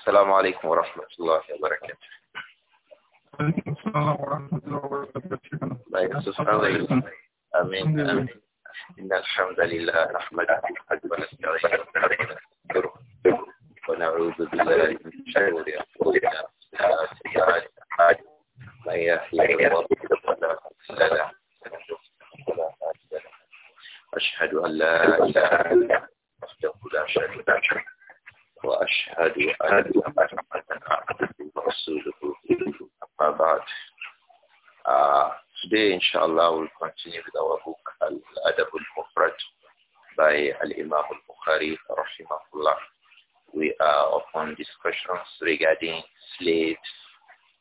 السلام عليكم ورحمة الله وبركاته وعليكم السلام ورحمة الله وبركاته أمين أمين إن الحمد لله نحمده ونستغفره ونعوذ بالله من شرور الله أشهد أن لا إله إلا الله شريك له أشهد أن محمدا عبده ورسوله أما بعد today, inshallah, we'll continue with our book, Al-Adab al-Mufrad, by Al-Imam al-Bukhari, rahimahullah. We are upon discussions regarding slaves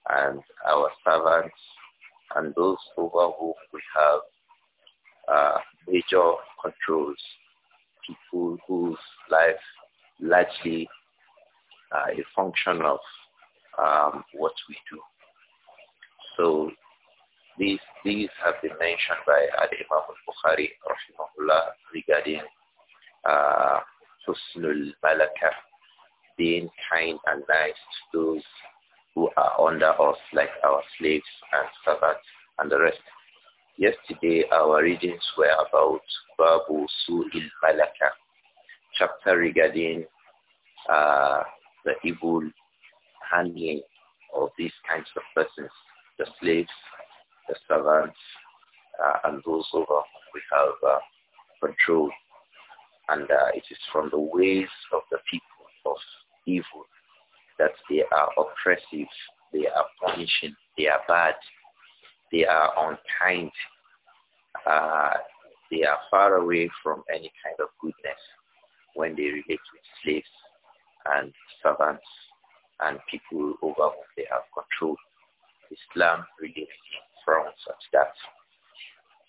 and our servants and those over whom we have uh, major controls, people whose life largely function of um, what we do. So these these have been mentioned by Al Imam Al Bukhari regarding uh, malaka, being kind and nice to those who are under us, like our slaves and servants and the rest. Yesterday our readings were about Babu Su'il Malaka, chapter regarding divulgue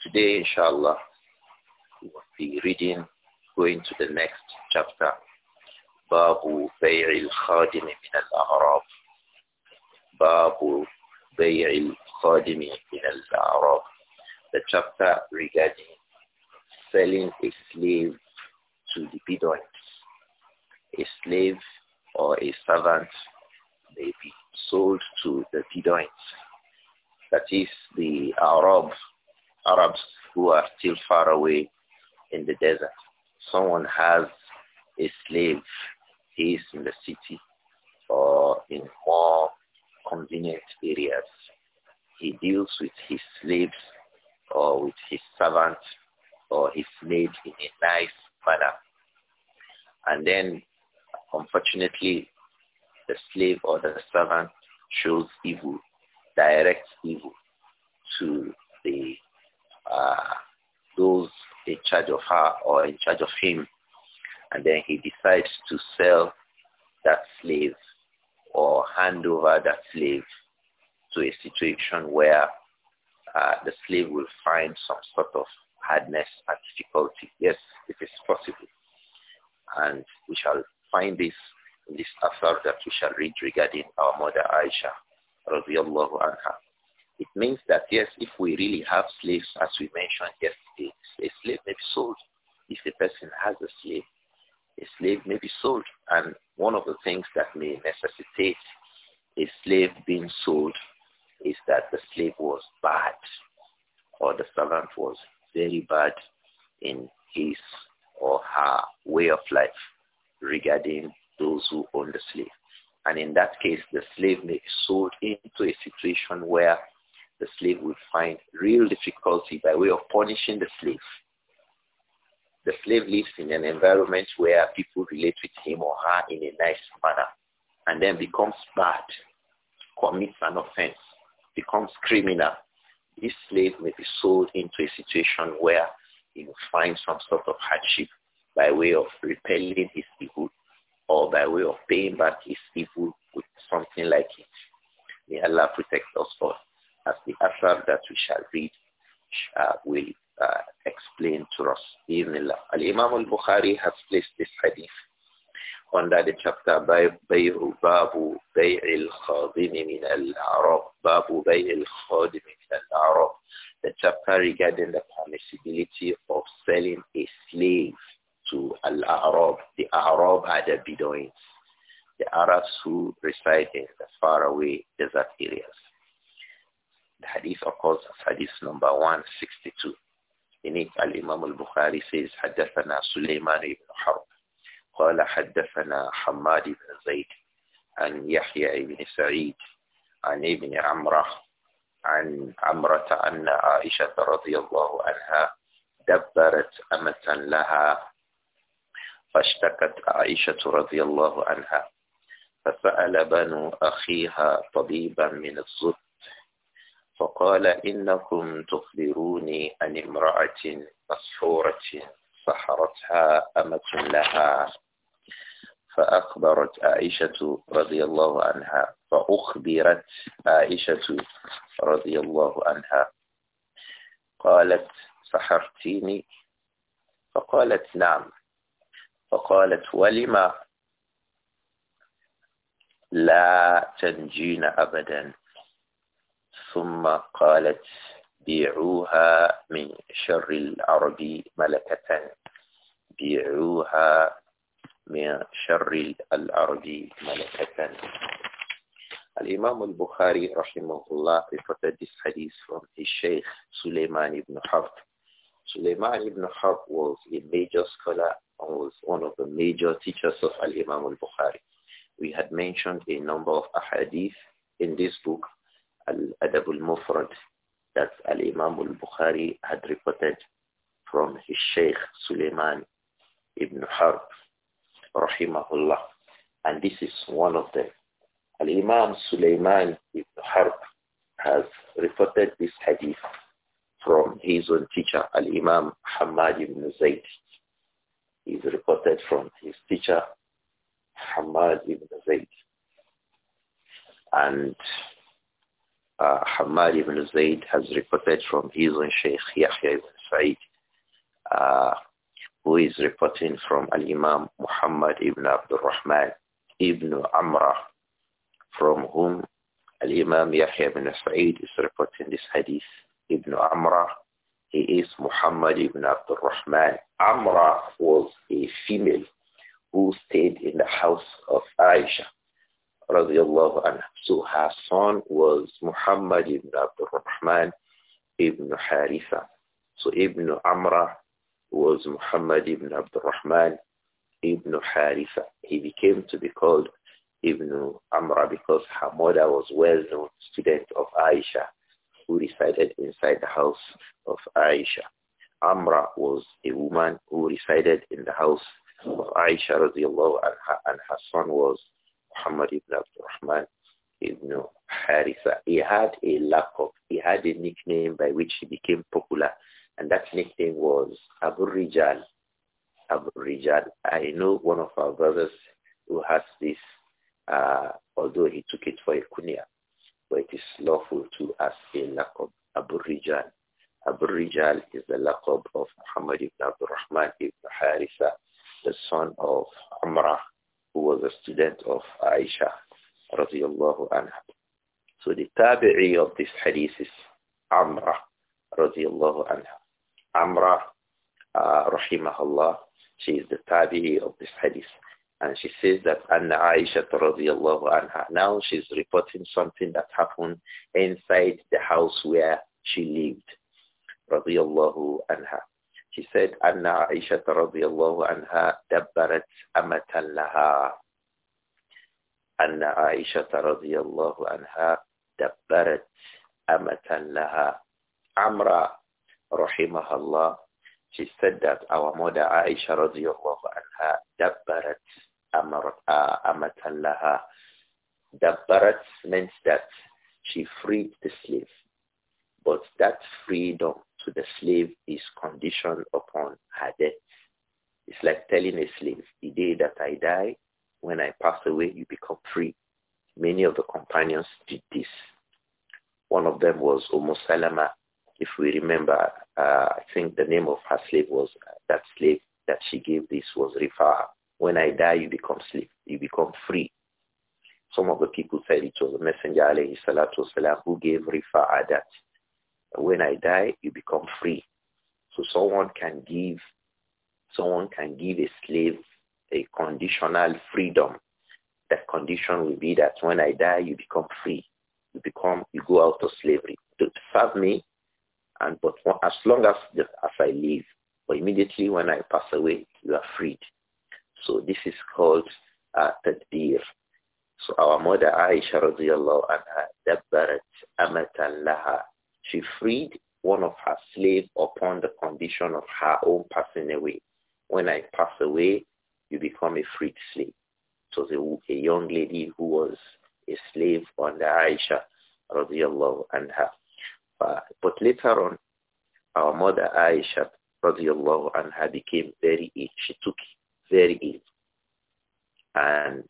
Today, inshallah, we will be reading, going to the next chapter, Babu Bayr al-Khadim al-A'rab. Babu Bayr al-Khadim al-A'rab. The chapter regarding selling a slave to the Bedouins. A slave or a servant may be sold to the Bedouins. That is the Arabs Arabs who are still far away in the desert. Someone has a slave. He is in the city or in more convenient areas. He deals with his slaves or with his servant or his maid in a nice manner. And then, unfortunately, the slave or the servant shows evil, directs evil to the uh, those in charge of her or in charge of him. And then he decides to sell that slave or hand over that slave to a situation where uh, the slave will find some sort of hardness and difficulty. Yes, it is possible. And we shall find this in this affair that we shall read regarding our mother Aisha, الله عنها. It means that yes, if we really have slaves, as we mentioned yesterday, a slave may be sold. If a person has a slave, a slave may be sold. And one of the things that may necessitate a slave being sold is that the slave was bad or the servant was very bad in his or her way of life regarding those who own the slave. And in that case, the slave may be sold into a situation where the slave will find real difficulty by way of punishing the slave. The slave lives in an environment where people relate with him or her in a nice manner and then becomes bad, commits an offense, becomes criminal. This slave may be sold into a situation where he will find some sort of hardship by way of repelling his evil or by way of paying back his evil with something like it. May Allah protect us all as the asar that we shall read uh, will uh, explain to us. Al-Imam al-Bukhari has placed this hadith under the chapter بيع باب بيع الخادم من العرب باب بيع الخادم من العرب the chapter regarding the permissibility of selling a slave to al-Arab the Arab are the Bedouins the Arabs who reside in the faraway desert areas the hadith occurs as hadith number 162. In it, Al-Imam al-Bukhari says, حدثنا سليمان ibn حرب قال حدثنا حماد بن زيد عن يحيى بن سعيد عن ابن عمره عن عمرة أن عائشة رضي الله عنها دبرت أمة لها فاشتكت عائشة رضي الله عنها فسأل بنو أخيها طبيبا من الزب فقال إنكم تخبروني عن امرأة مسحورة سحرتها أمة لها فأخبرت عائشة رضي الله عنها فأخبرت عائشة رضي الله عنها قالت سحرتيني فقالت نعم فقالت ولم لا تنجين أبدا ثم قالت بيعوها من شر العرب ملكة بيعوها من شر العرب ملكة الإمام البخاري رحمه الله reported this hadith from his Sheikh Suleiman ibn Harb. Suleiman ibn Harb was a major scholar and was one of the major teachers of Al-Imam al-Bukhari. We had mentioned a number of ahadith in this book Al-Adab al-Mufrad that Al-Imam al-Bukhari had reported from his Sheikh Suleiman ibn Harb, rahimahullah. And this is one of them. Al-Imam Suleiman ibn Harb has reported this hadith from his own teacher, Al-Imam Hamad ibn Zayd. He's reported from his teacher, Hamad ibn Zayd. And uh, Hamad ibn Zayd has reported from his own Sheikh Yahya ibn Sa'id, uh, who is reporting from Al-Imam Muhammad ibn Abdul Rahman ibn Amra, from whom Al-Imam Yahya ibn Sa'id is reporting this hadith. Ibn Amra, he is Muhammad ibn Abdul Rahman. Amrah was a female who stayed in the house of Aisha radiallahu anhu. So her son was Muhammad ibn Abdul Rahman ibn Haritha. So Ibn Amra was Muhammad ibn Abdul Rahman ibn Haritha. He became to be called Ibn Amra because her mother was well-known student of Aisha who resided inside the house of Aisha. Amra was a woman who resided in the house of Aisha radiallahu anha and her son was Muhammad ibn Abdurrahman ibn Harisa. He had a laqab. He had a nickname by which he became popular. And that nickname was Abu Rijal. Abu Rijal. I know one of our brothers who has this, uh, although he took it for a kunya, but it is lawful to ask a laqab. Abu Rijal. Abu Rijal is the laqab of Muhammad ibn Abdurrahman ibn Harisa, the son of Amrah who was a student of Aisha radiallahu anha. So the tabi'i of this hadith is Amra radiallahu anha. Amra uh, rahimahullah, she is the tabi'i of this hadith. And she says that Anna Aisha radiallahu anha. Now she's reporting something that happened inside the house where she lived radiallahu anha. She said, Anna Aisha radiallahu anha dabbarat amatan laha. Anna Aisha radiallahu anha dabbarat amatan laha. Amra rahimahullah. She said that our mother Aisha radiallahu anha dabbarat uh, amatan laha. Dabbarat means that she freed the slave. But that freedom to the slave is conditioned upon her death. It's like telling a slave, the day that I die, when I pass away, you become free. Many of the companions did this. One of them was Umm Salama. If we remember, uh, I think the name of her slave was uh, that slave that she gave this was Rifa. When I die, you become slave. You become free. Some of the people said it was the Messenger alayhi salatu who gave Rifa that. When I die, you become free. So someone can give, someone can give a slave a conditional freedom. That condition will be that when I die, you become free. You become, you go out of slavery. do serve me, and but as long as as I live, but immediately when I pass away, you are freed. So this is called uh, tadbir. So our mother Aisha radiallahu anha دبرت amatan لها. She freed one of her slaves upon the condition of her own passing away. When I pass away, you become a freed slave. So the, a young lady who was a slave under Aisha radiallahu anha. Uh, but later on, our mother Aisha radiallahu anha became very ill. She took very ill. And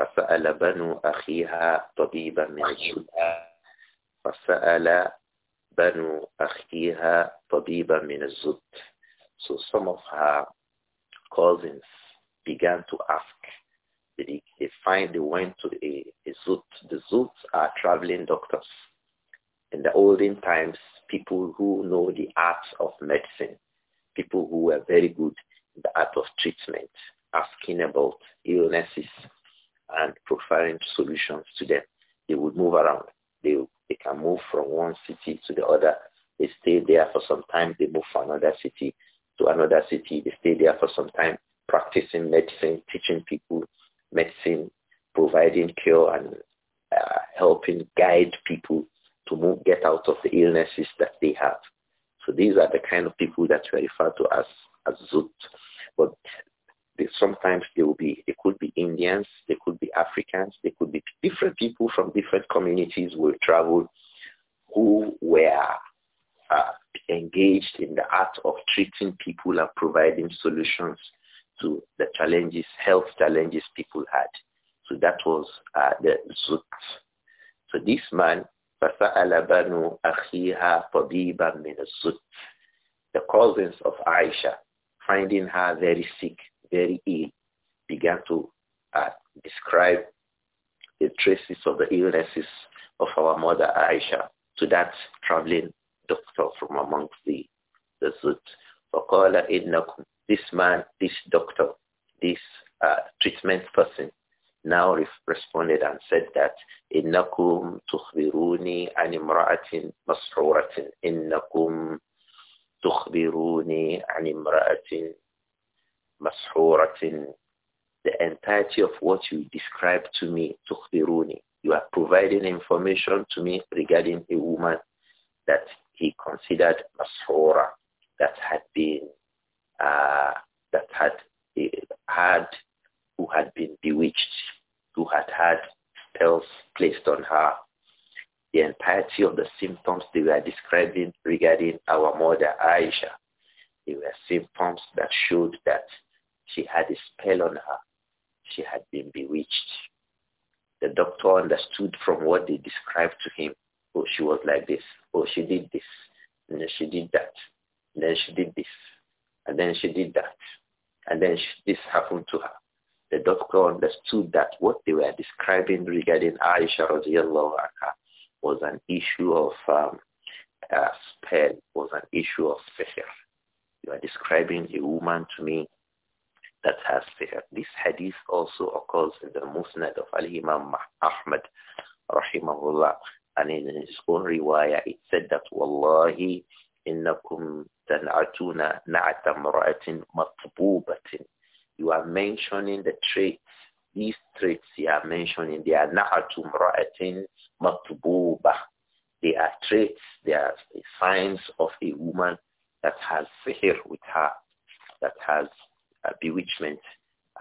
فسأل بنو أخيها طبيبا من فسأل so some of her cousins began to ask. They, they find they went to a, a zoot. The zoot are traveling doctors. In the olden times, people who know the art of medicine, people who were very good in the art of treatment, asking about illnesses and providing solutions to them. They would move around. They would they can move from one city to the other. They stay there for some time. They move from another city to another city. They stay there for some time, practicing medicine, teaching people medicine, providing cure and uh, helping guide people to move, get out of the illnesses that they have. So these are the kind of people that we refer to as, as Zut. But sometimes they will be, they could be Indians, they could be Africans, they could be different people from different communities who travel who were uh, engaged in the art of treating people and providing solutions to the challenges, health challenges people had. So that was uh, the Zut. So this man, فَسَأَلَ بَنُوا أَخِيهَا طَبِيبًا The cousins of Aisha, finding her very sick, very ill, began to uh, describe the traces of the illnesses of our mother Aisha to that traveling doctor from amongst the, the Zut. This man, this doctor, this uh, treatment person now responded and said that إِنَّكُمْ تُخْبِرُونِي عَنِ امْرَأَةٍ مَسْحُورَةٍ إِنَّكُمْ تُخْبِرُونِي عَنِ امْرَأَةٍ mas'huratin. The entirety of what you described to me, tukhbiruni. You are providing information to me regarding a woman that he considered mas'hura, that had been, uh, that had eh, had, who had been bewitched, who had had spells placed on her. The entirety of the symptoms they were describing regarding our mother Aisha, they were symptoms that showed that she had a spell on her. She had been bewitched. The doctor understood from what they described to him. Oh, she was like this. Oh, she did this. And then she did that. And then she did this. And then she did that. And then she, this happened to her. The doctor understood that what they were describing regarding Aisha radiallahu was an issue of um, spell, was an issue of fear. You are describing a woman to me that has sihr. This hadith also occurs in the Musnad of Al-Imam Ahmad, rahimahullah. And in his own riwayah, it said that, Wallahi, innakum tan'atuna na'ata mra'atin matbubatin. You are mentioning the traits. These traits you are mentioning, they are na'atu mra'atin matbubah. They are traits, they are signs of a woman that has sihr with her, that has uh, bewitchment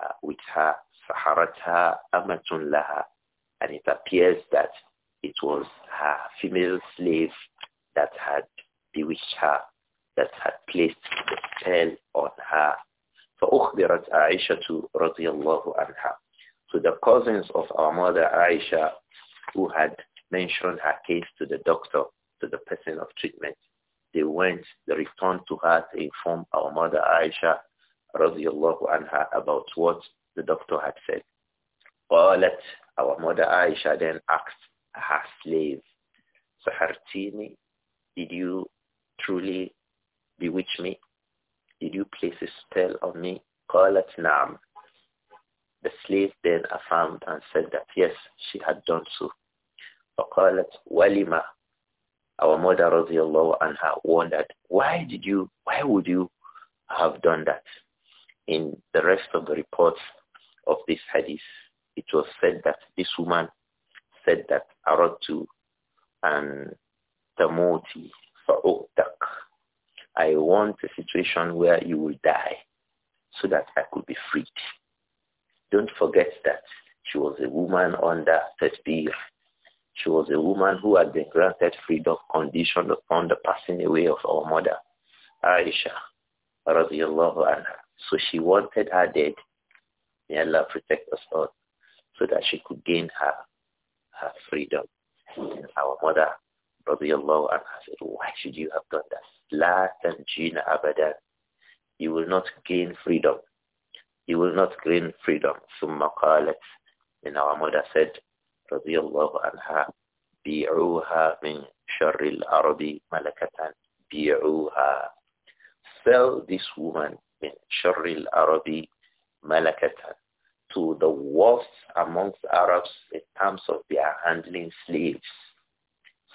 uh, with her. Saharata amatun laha. And it appears that it was her female slave that had bewitched her, that had placed the spell on her. فأخبرت عائشة رضي الله عنها. So the cousins of our mother Aisha who had mentioned her case to the doctor, to the person of treatment, they went, they returned to her to inform our mother Aisha radiallahu anha about what the doctor had said. our mother Aisha then asked her slave, Sahartini, did you truly bewitch me? Did you place a spell on me? قالت نعم. The slave then affirmed and said that yes, she had done so. Our mother رضي الله wondered, why did you, why would you have done that? in the rest of the reports of this hadith, it was said that this woman said that Aratu and Tamoti Fa'uqtaq. I want a situation where you will die so that I could be freed. Don't forget that she was a woman under 30 She was a woman who had been granted freedom conditioned upon the passing away of our mother, Aisha, radiallahu anha. So she wanted her dead. May Allah protect us all so that she could gain her her freedom. And our mother, and anha, said, why should you have done that? La tanjina abadan. You will not gain freedom. You will not gain freedom. Summa qalat. And our mother said, radiallahu anha, bi'uha min sharril arabi malakatan. Bi'uha. Sell this woman min sharril arabi malakatan to the worst amongst Arabs in terms of their handling slaves.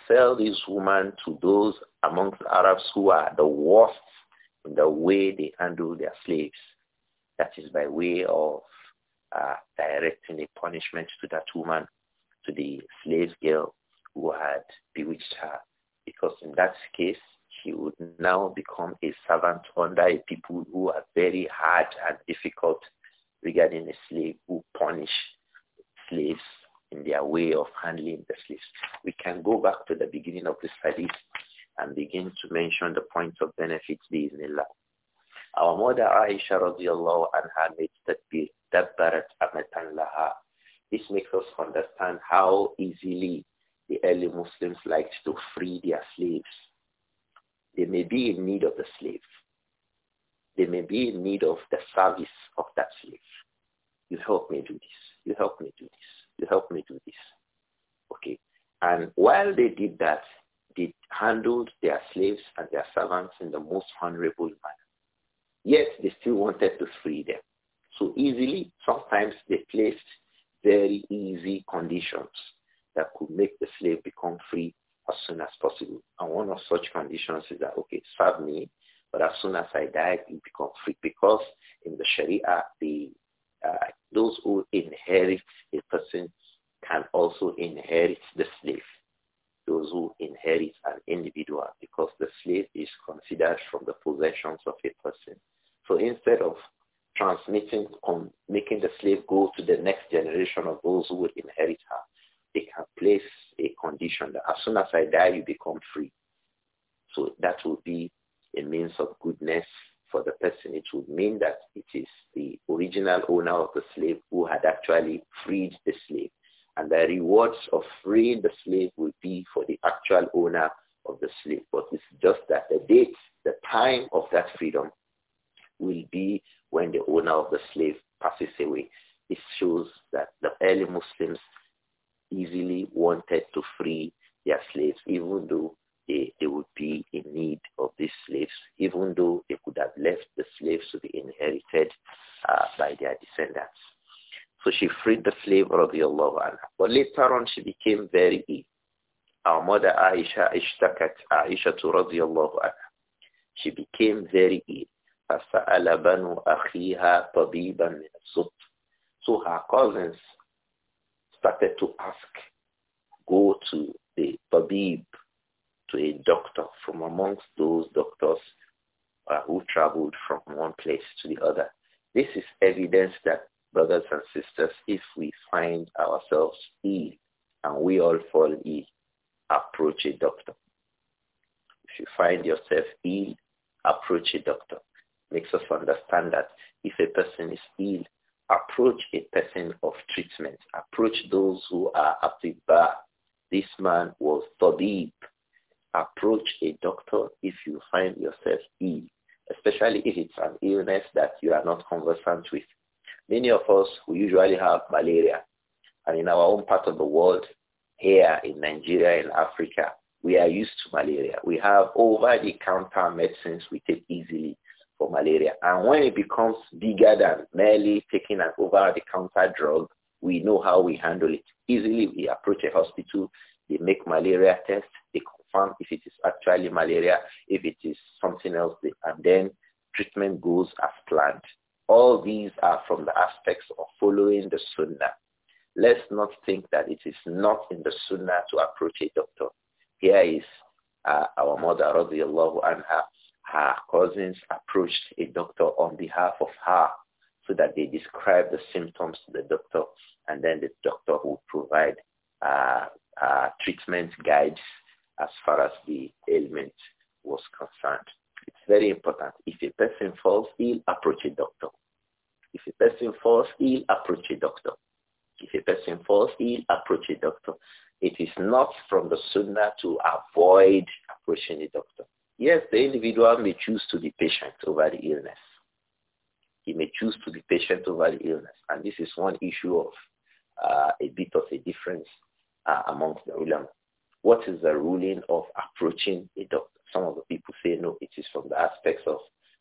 Sell this woman to those amongst Arabs who are the worst in the way they handle their slaves. That is by way of uh, directing a punishment to that woman, to the slave girl who had bewitched her. Because in that case, he would now become a servant under a people who are very hard and difficult regarding a slave who punish slaves in their way of handling the slaves. We can go back to the beginning of the study and begin to mention the points of benefits these in law. Our mother Aisha radiallahu anha made be dabbarat amatan laha. This makes us understand how easily the early Muslims liked to free their slaves they may be in need of the slave. They may be in need of the service of that slave. You help me do this. You help me do this. You help me do this. Okay. And while they did that, they handled their slaves and their servants in the most honorable manner. Yet they still wanted to free them. So easily, sometimes they placed very easy conditions that could make the slave become free as soon as possible. And one of such conditions is that, okay, serve me, but as soon as I die, it becomes free because in the Sharia, the uh, those who inherit a person can also inherit the slave. Those who inherit an individual because the slave is considered from the possessions of a person. So instead of transmitting, on um, making the slave go to the next generation of those who would inherit her, they can place a condition that as soon as I die, you become free. So that will be a means of goodness for the person. It would mean that it is the original owner of the slave who had actually freed the slave. And the rewards of freeing the slave will be for the actual owner of the slave. But it's just that the date, the time of that freedom will be when the owner of the slave passes away. It shows that the early Muslims easily wanted to free their slaves, even though they, they would be in need of these slaves, even though they could have left the slaves to be inherited uh, by their descendants. So she freed the slave radiallahu anha. But later on she became very ill. Our mother Aisha ishtakat Aisha to radiallahu anha. She became very ill. فسأل بنو أخيها طبيبا من السط. So her cousins started to ask, go to the tabib, to a doctor from amongst those doctors uh, who traveled from one place to the other. This is evidence that, brothers and sisters, if we find ourselves ill and we all fall ill, approach a doctor. If you find yourself ill, approach a doctor. Makes us understand that if a person is ill, approach a person of treatment. Approach those who are bar. This man was deep. Approach a doctor if you find yourself ill, especially if it's an illness that you are not conversant with. Many of us, we usually have malaria. And in our own part of the world, here in Nigeria and Africa, we are used to malaria. We have over-the-counter medicines we take easily for malaria. And when it becomes bigger than merely taking an over-the-counter drug, we know how we handle it. Easily we approach a hospital, they make malaria tests, they confirm if it is actually malaria, if it is something else, and then treatment goes as planned. All these are from the aspects of following the sunnah. Let's not think that it is not in the sunnah to approach a doctor. Here is uh, our mother, radiallahu anha, her cousins approached a doctor on behalf of her so that they describe the symptoms to the doctor and then the doctor would provide uh, uh, treatment guides as far as the ailment was concerned. It's very important. If a person falls ill, approach a doctor. If a person falls ill, approach a doctor. If a person falls ill, approach a doctor. It is not from the sunnah to avoid approaching a doctor. Yes, the individual may choose to be patient over the illness. He may choose to be patient over the illness. And this is one issue of uh, a bit of a difference uh, amongst the ulama. What is the ruling of approaching a doctor? Some of the people say, no, it is from the aspects of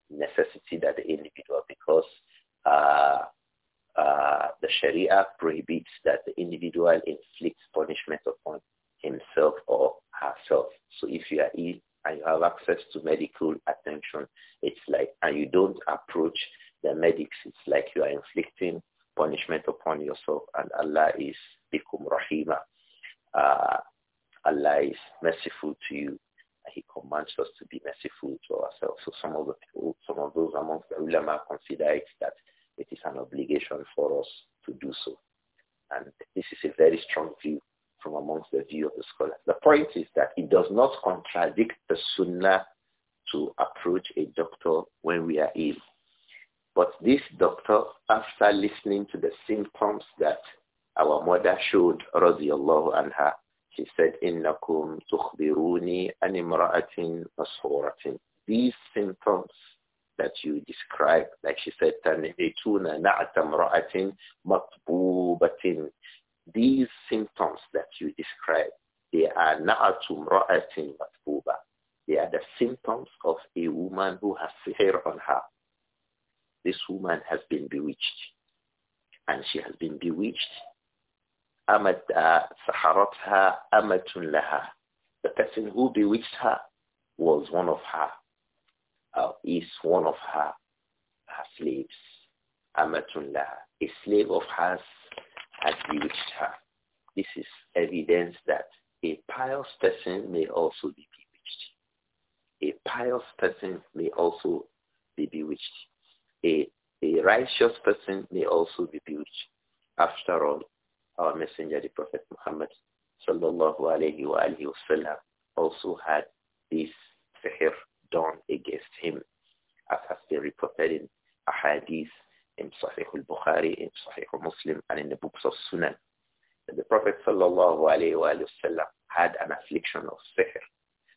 necessity that the individual, because uh, uh, the Sharia prohibits that the individual inflicts punishment upon himself or herself. So if you are ill, and you have access to medical attention, it's like, and you don't approach the medics, it's like you are inflicting punishment upon yourself. And Allah is bikum rahima. Uh, Allah is merciful to you. He commands us to be merciful to ourselves. So some of the people, some of those amongst the ulama consider it that it is an obligation for us to do so. And this is a very strong view from amongst the view of the scholars. The point is that it does not contradict the sunnah to approach a doctor when we are ill. But this doctor, after listening to the symptoms that our mother showed, radiallahu anha, he said, إِنَّكُمْ تُخْبِرُونِي أَنِ امْرَأَةٍ مَسْحُورَةٍ These symptoms that you described, like she said, تَنْهِتُونَ نَعْتَ امْرَأَةٍ مَطْبُوبَةٍ these symptoms that you describe, they are na'atum ra'atin matfuba. They are the symptoms of a woman who has sihr on her. This woman has been bewitched. And she has been bewitched. Amat uh, amatun laha. The person who bewitched her was one of her, uh, is one of her, her slaves. Amatun laha. A slave of hers had bewitched her. This is evidence that a pious person may also be bewitched. A pious person may also be bewitched. A, a righteous person may also be bewitched. After all, our messenger, the Prophet Muhammad, sallallahu alayhi wa alayhi wasallam, also had this sihr done against him, as has been reported in a hadith in Sahih al-Bukhari, in Sahih Muslim, and in the books of Sunan. The Prophet sallallahu alayhi wa had an affliction of sihr.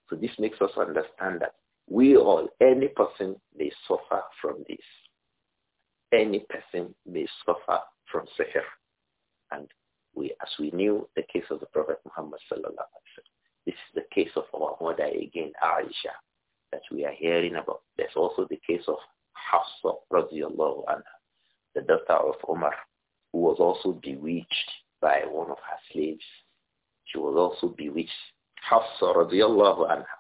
So this makes us understand that we all, any person may suffer from this. Any person may suffer from sihr. And we, as we knew the case of the Prophet Muhammad this is the case of our mother again, Aisha, that we are hearing about. There's also the case of Hafsa radiallahu anha the daughter of Omar, who was also bewitched by one of her slaves. She was also bewitched. Hafsa radiallahu anha,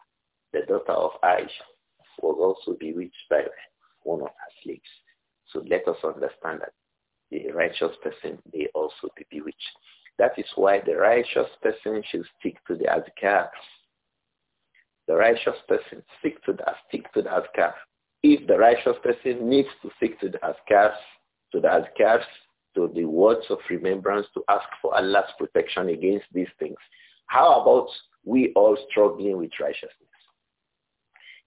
the daughter of Aisha, was also bewitched by one of her slaves. So let us understand that the righteous person may also be bewitched. That is why the righteous person should stick to the azkar. The righteous person stick to the stick to the azkar. If the righteous person needs to stick to the azkar, to the azkars, to the words of remembrance to ask for Allah's protection against these things. How about we all struggling with righteousness?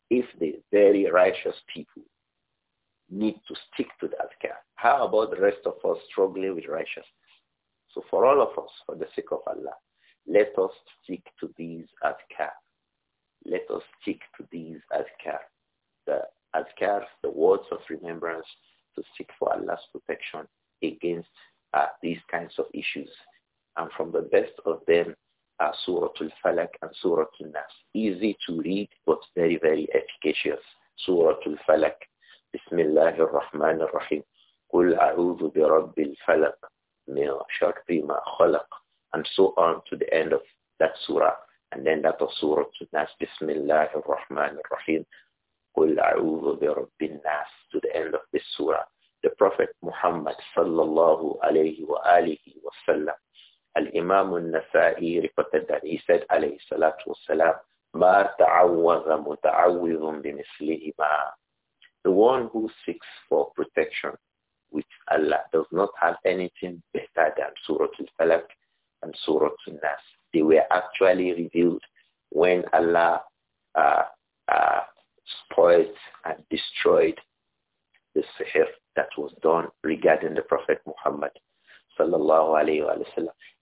If the very righteous people need to stick to that care, how about the rest of us struggling with righteousness? So for all of us, for the sake of Allah, let us stick to these adhkar. Let us stick to these adhkar. The adhkar, the words of remembrance, to seek for Allah's protection against uh, these kinds of issues. And from the best of them are Surah al falaq and Surah Al-Nas. Easy to read, but very, very efficacious. Surah Al-Falak. falaq بسم الله الرحمن الرحيم قل أعوذ برب الفلق من شر ما خلق and so on to the end of that surah and then that of surah al nas بسم الله الرحمن الرحيم قل أعوذ برب الناس to the end of this surah, the Prophet Muhammad sallallahu alayhi wa alihi wa sallam, Al-Imam al-Nasai reported that he said alayhi salatu wa salam, مَا تَعَوَّذَ مُتَعَوِّذٌ بِمِثْلِهِمَا The one who seeks for protection with Allah does not have anything better than Surah Al-Falaq and Surah Al-Nas. They were actually revealed when Allah uh, uh, spoiled and destroyed the sihr that was done regarding the Prophet Muhammad sallallahu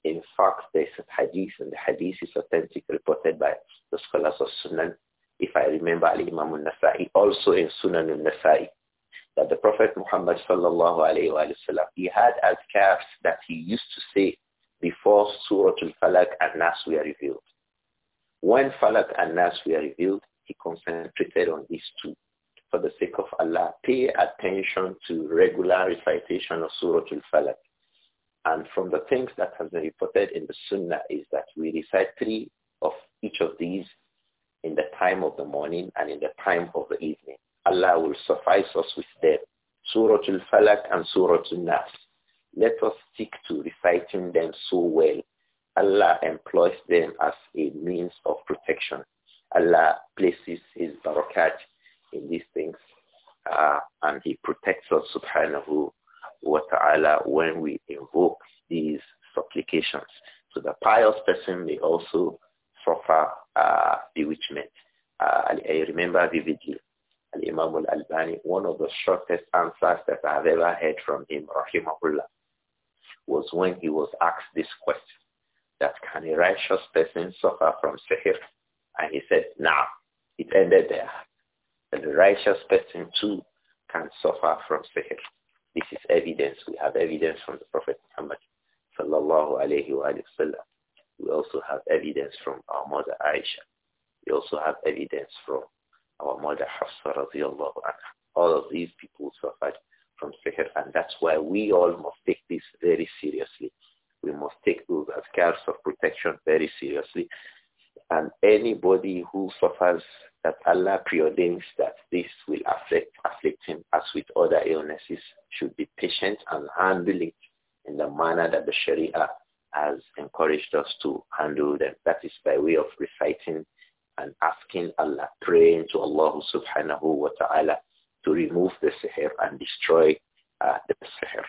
In fact, there's a hadith, and the hadith is authentic, reported by the scholars of Sunan. If I remember, Imam al-Nasai, also in Sunan al-Nasai, that the Prophet Muhammad sallallahu wa sallam, he had as adhkars that he used to say before Surah al Falak and Nas were revealed. When Falak and Nas were revealed, he concentrated on these two for the sake of Allah, pay attention to regular recitation of Surah Al-Falaq. And from the things that has been reported in the Sunnah is that we recite three of each of these in the time of the morning and in the time of the evening. Allah will suffice us with them. Surah Al-Falaq and Surah Al-Nas. Let us stick to reciting them so well. Allah employs them as a means of protection. Allah places his barakat in these things. Uh, and he protects us subhanahu wa ta'ala when we invoke these supplications. So the pious person may also suffer uh, bewitchment. Uh, I remember vividly imam al-Albani, one of the shortest answers that I've ever heard from him, rahimahullah, was when he was asked this question, that can a righteous person suffer from sihr? And he said, nah, it ended there. And the righteous person too can suffer from sihr. This is evidence. We have evidence from the Prophet Muhammad sallallahu alayhi wa We also have evidence from our mother Aisha. We also have evidence from our mother Hafsa radiallahu anha. All of these people suffered from sihr and that's why we all must take this very seriously. We must take those as cares of protection very seriously. And anybody who suffers that Allah preordains that this will afflict, afflict him as with other illnesses should be patient and handle it in the manner that the Sharia has encouraged us to handle them. That is by way of reciting and asking Allah, praying to Allah subhanahu wa ta'ala to remove the sihr and destroy uh, the sihr.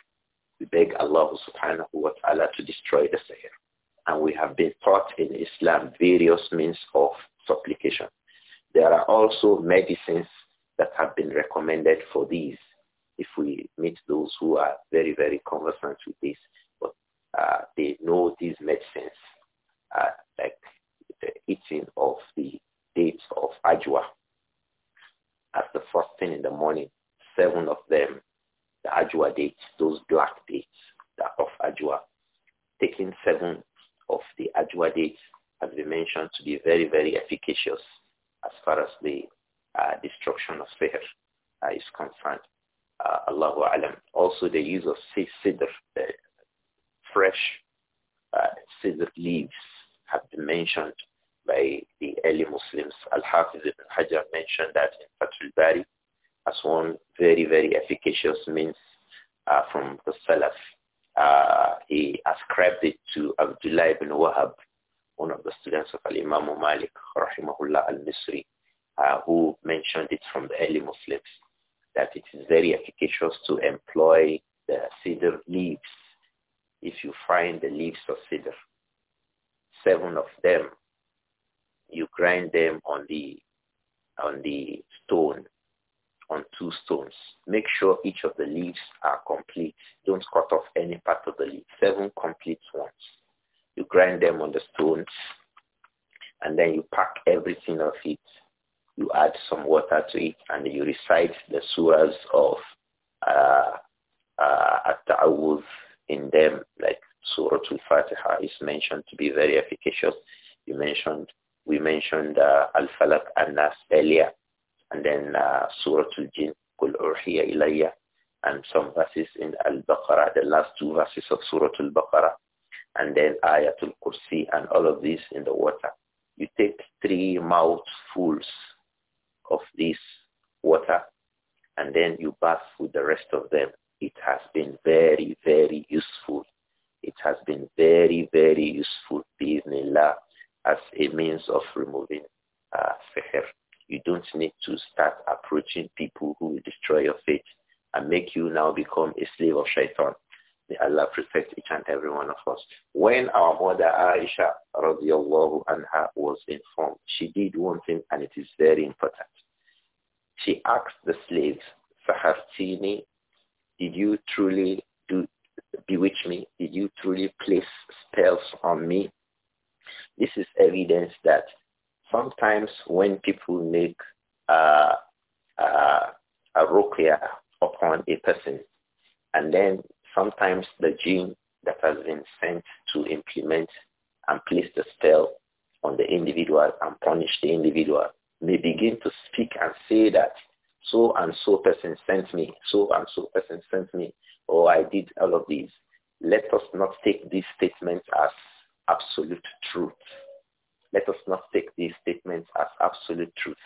We beg Allah subhanahu wa ta'ala to destroy the sihr. And we have been taught in Islam various means of supplication. There are also medicines that have been recommended for these if we meet those who are very, very conversant with this, but uh, they know these medicines, uh, like the eating of the dates of ajwa as the first thing in the morning, seven of them, the ajwa dates, those black dates that of ajwa, taking seven of the ajwa dates as we mentioned to be very, very efficacious as far as the uh, destruction of sihr uh, is concerned. Uh, Allahu alam. Also the use of sidr, fresh uh, sidr leaves have been mentioned by the early Muslims. Al-Hafiz ibn Hajar mentioned that in Fatul Bari as one very, very efficacious means uh, from the Salaf. Uh, he ascribed it to Abdullah ibn Wahab one of the students of Al-Imam Malik, rahimahullah al-Misri, uh, who mentioned it from the early Muslims, that it is very efficacious to employ the cedar leaves. If you find the leaves of cedar, seven of them, you grind them on the on the stone, on two stones. Make sure each of the leaves are complete. Don't cut off any part of the leaf. Seven complete ones you grind them on the stones and then you pack everything of it. You add some water to it and you recite the surahs of uh, uh, at in them, like Surah Al-Fatiha is mentioned to be very efficacious. You mentioned, we mentioned uh, Al-Falaq and Nas earlier, and then uh, Surah Al-Jinn, Kul Urhiya Ilayya, and some verses in Al-Baqarah, the last two verses of Surah Al-Baqarah and then Ayatul Kursi and all of this in the water. You take three mouthfuls of this water and then you bath with the rest of them. It has been very, very useful. It has been very, very useful, bismillah, as a means of removing uh, You don't need to start approaching people who will destroy your faith and make you now become a slave of shaitan. Allah protect each and every one of us. When our mother Aisha radiallahu anha was informed, she did one thing and it is very important. She asked the slaves, Sahaftini, did you truly do, bewitch me? Did you truly place spells on me? This is evidence that sometimes when people make uh, uh, a ruqya upon a person and then sometimes the genie that has been sent to implement and place the spell on the individual and punish the individual may begin to speak and say that so and so person sent me, so and so person sent me, or I did all of these. Let us not take these statements as absolute truth. Let us not take these statements as absolute truth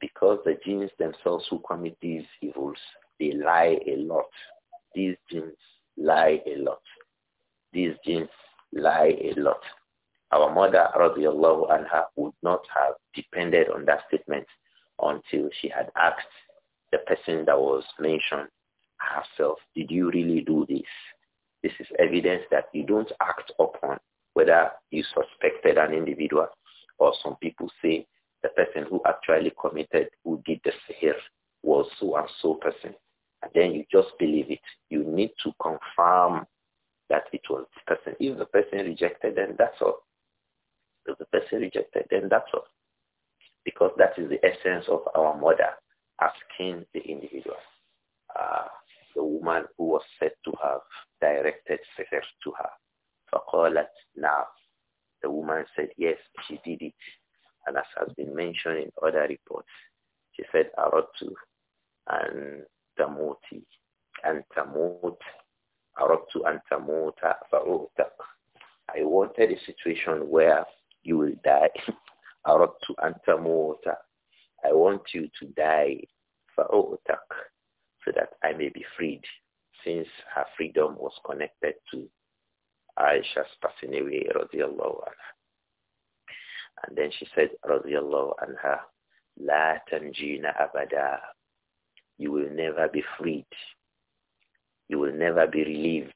because the jinns themselves who commit these evils, they lie a lot. These genies lie a lot. These genes lie a lot. Our mother, radiallahu anha, would not have depended on that statement until she had asked the person that was mentioned herself, did you really do this? This is evidence that you don't act upon whether you suspected an individual or some people say the person who actually committed, who did the sihr was so and so person then you just believe it. You need to confirm that it was the person. If the person rejected, then that's all. If the person rejected, then that's all. Because that is the essence of our mother asking the individual, uh, the woman who was said to have directed sex to her. فقالت now. The woman said, yes, she did it. And as has been mentioned in other reports, she said, I Aratu and Tamuti أن تموت أردت أن تموت فأغتق I wanted a situation where you will die أردت أن تموت I want you to die فأغتق so that I may be freed since her freedom was connected to Aisha's passing away radiallahu anha and then she said radiallahu anha La Tanjina Abada you will never be freed. You will never be relieved.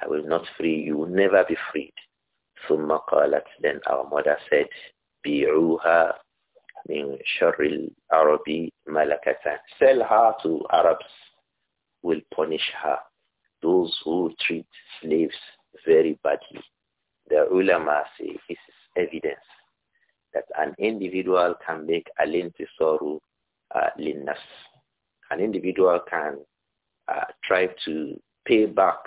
I will not free. You You will never be freed. So قالت then our mother said بيعوها من شر العربي ملكة sell her to Arabs will punish her those who treat slaves very badly the ulama say this is evidence that an individual can make alintisoru uh, linnas an individual can uh, try to pay back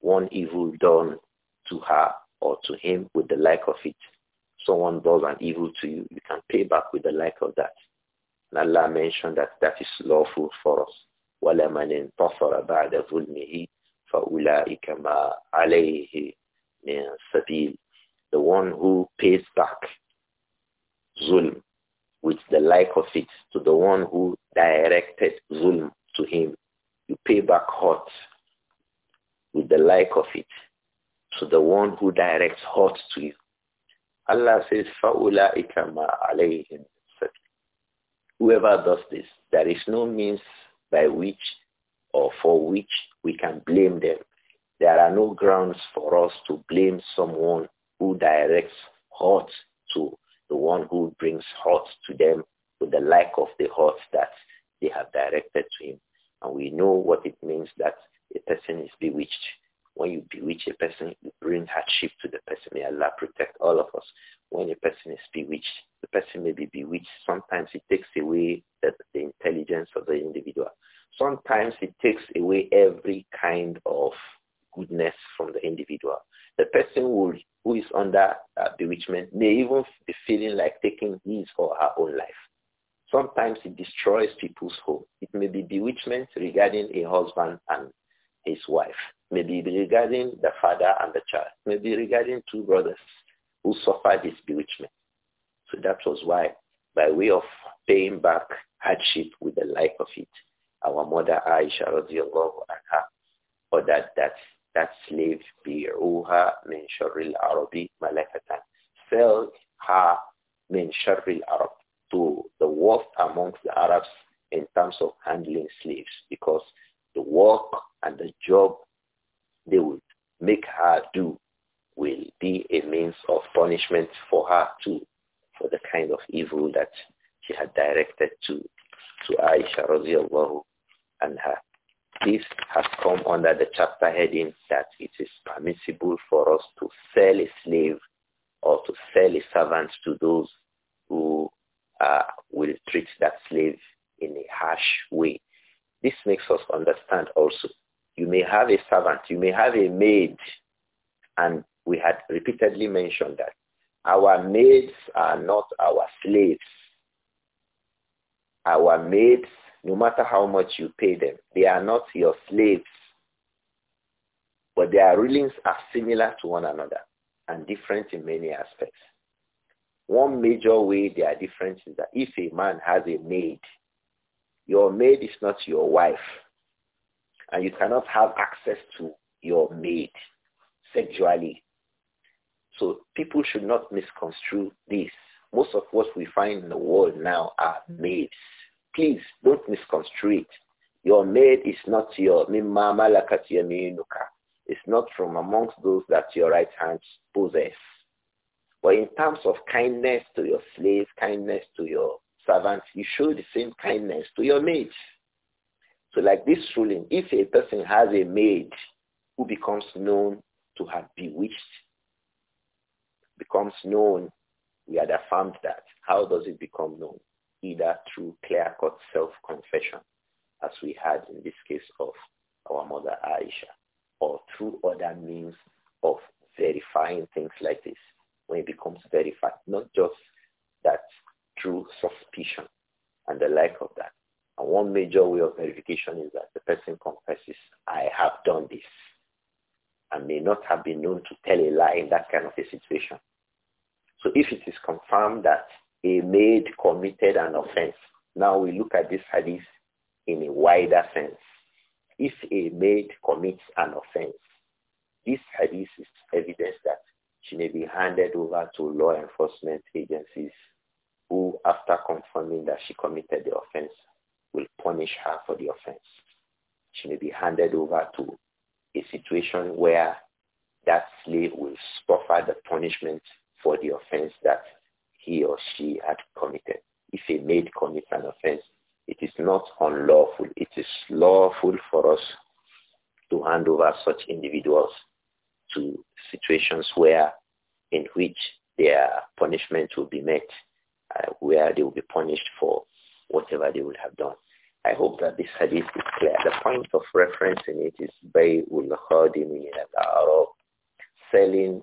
one evil done to her or to him with the like of it. Someone does an evil to you, you can pay back with the like of that. And Allah mentioned that that is lawful for us. The one who pays back zulm, with the like of it to the one who directed zulm to him. You pay back hot with the like of it to the one who directs hot to you. Allah says, "Faula ikama عَلَيْهِمْ Whoever does this, there is no means by which or for which we can blame them. There are no grounds for us to blame someone who directs hurt to the one who brings hurt to them with the like of the hurt that they have directed to him. And we know what it means that a person is bewitched. When you bewitch a person, you bring hardship to the person. May Allah protect all of us. When a person is bewitched, the person may be bewitched. Sometimes it takes away the, the intelligence of the individual. Sometimes it takes away every kind of goodness from the individual. The person who who is under uh, bewitchment may even be feeling like taking his or her own life. Sometimes it destroys people's hope. It may be bewitchment regarding a husband and his wife, maybe regarding the father and the child, maybe regarding two brothers who suffered this bewitchment. So that was why, by way of paying back hardship with the like of it, our mother Aisha radiallahu anha ordered that that slave bi'uha min sharril arabi malakatan. Sell her min sharril arab to the worst amongst the Arabs in terms of handling slaves because the work and the job they would make her do will be a means of punishment for her too for the kind of evil that she had directed to to Aisha radiallahu anha. This has come under the chapter heading that it is permissible for us to sell a slave or to sell a servant to those who uh, will treat that slave in a harsh way. This makes us understand also. You may have a servant, you may have a maid, and we had repeatedly mentioned that our maids are not our slaves. Our maids no matter how much you pay them. They are not your slaves, but their rulings are similar to one another and different in many aspects. One major way they are different is that if a man has a maid, your maid is not your wife, and you cannot have access to your maid sexually. So people should not misconstrue this. Most of what we find in the world now are maids. Please don't misconstrue it. Your maid is not your It's not from amongst those that your right hand possess. But in terms of kindness to your slave, kindness to your servant, you show the same kindness to your maid. So like this ruling, if a person has a maid who becomes known to have bewitched, becomes known, we had affirmed that. How does it become known? either through clear-cut self-confession, as we had in this case of our mother Aisha, or through other means of verifying things like this. When it becomes verified, not just that through suspicion and the like of that. And one major way of verification is that the person confesses, I have done this, and may not have been known to tell a lie in that kind of a situation. So if it is confirmed that a maid committed an offense. Now we look at this hadith in a wider sense. If a maid commits an offense, this hadith is evidence that she may be handed over to law enforcement agencies who, after confirming that she committed the offense, will punish her for the offense. She may be handed over to a situation where that slave will suffer the punishment for the offense that he or she had committed. If a maid commits an offense, it is not unlawful. It is lawful for us to hand over such individuals to situations where, in which their punishment will be met, uh, where they will be punished for whatever they would have done. I hope that this hadith is clear. The point of reference in it is Bay'ul Khadim selling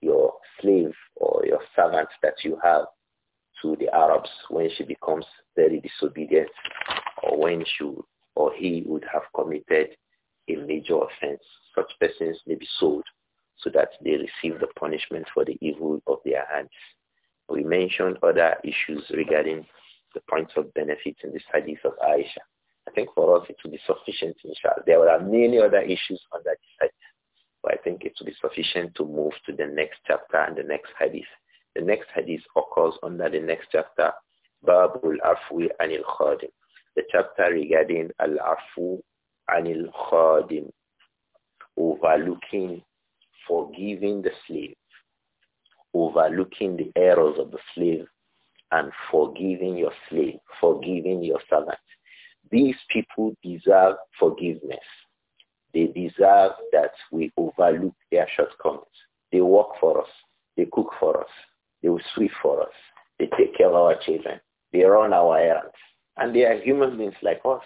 your slave or your servant that you have to the Arabs when she becomes very disobedient or when she or he would have committed a major offense. Such persons may be sold so that they receive the punishment for the evil of their hands. We mentioned other issues regarding the points of benefit in the studies of Aisha. I think for us it will be sufficient, inshallah. There are many other issues on that side. But I think it will be sufficient to move to the next chapter and the next hadith. The next hadith occurs under the next chapter, Babul Afwi Anil Khadim. The chapter regarding Al-Afu Anil Khadim, overlooking, forgiving the slave, overlooking the errors of the slave, and forgiving your slave, forgiving your servant. These people deserve forgiveness they deserve that we overlook their shortcomings. They work for us. They cook for us. They will sweep for us. They take care of our children. They run our errands. And they are human beings like us.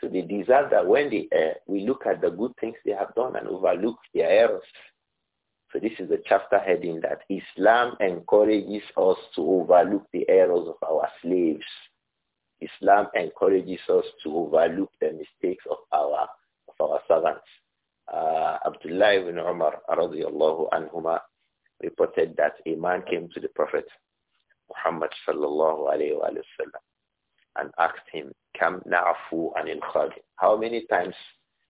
So they deserve that when they uh, we look at the good things they have done and overlook their errors. So this is the chapter heading that Islam encourages us to overlook the errors of our slaves. Islam encourages us to overlook the mistakes of our our servants. Uh, Abdullah ibn Umar radiallahu anhuma reported that a man came to the Prophet Muhammad sallallahu alayhi wa and asked him, Kam na'afu anil khadim. How many times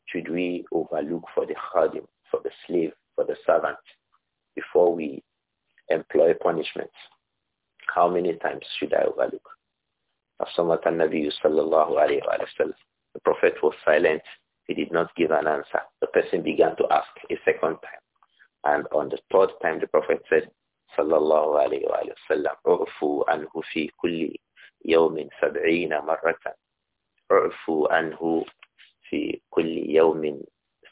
should we overlook for the khadim, for the slave, for the servant, before we employ punishment? How many times should I overlook? فصمت النبي صلى الله عليه وسلم. The Prophet was silent he did not give an answer. The person began to ask a second time. And on the third time, the Prophet said, Sallallahu alayhi wa sallam, U'fu anhu fi kulli yawmin sab'ina marratan. U'fu anhu fi kulli yawmin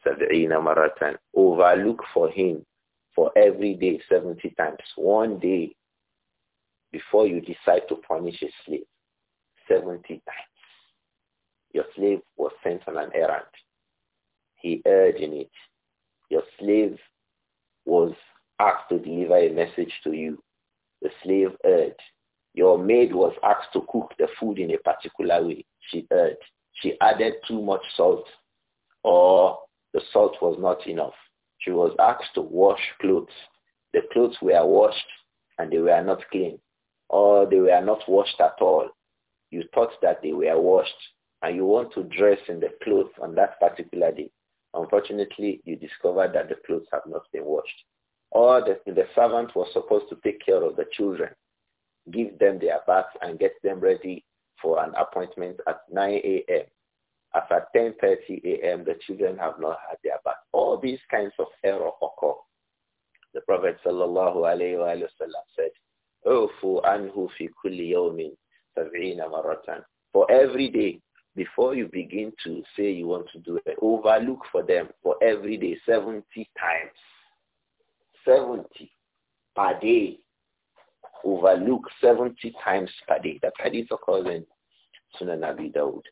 sab'ina marratan. Overlook for him for every day 70 times. One day before you decide to punish a slave 70 times. Your slave was sent on an errand he erred in it. Your slave was asked to deliver a message to you. The slave urged. Your maid was asked to cook the food in a particular way. She erred. She added too much salt or the salt was not enough. She was asked to wash clothes. The clothes were washed and they were not clean or they were not washed at all. You thought that they were washed and you want to dress in the clothes on that particular day. Unfortunately, you discover that the clothes have not been washed. Or the, the servant was supposed to take care of the children, give them their bath and get them ready for an appointment at 9 a.m. After 10.30 a.m., the children have not had their bath. All these kinds of error occur. The Prophet sallallahu alayhi wa, sallam, said, "O عنه في كل يوم سبعين مرة. For every day, before you begin to say you want to do it, overlook for them for every day 70 times. 70 per day. Overlook 70 times per day. That hadith occurs in Sunan Abi Dawud.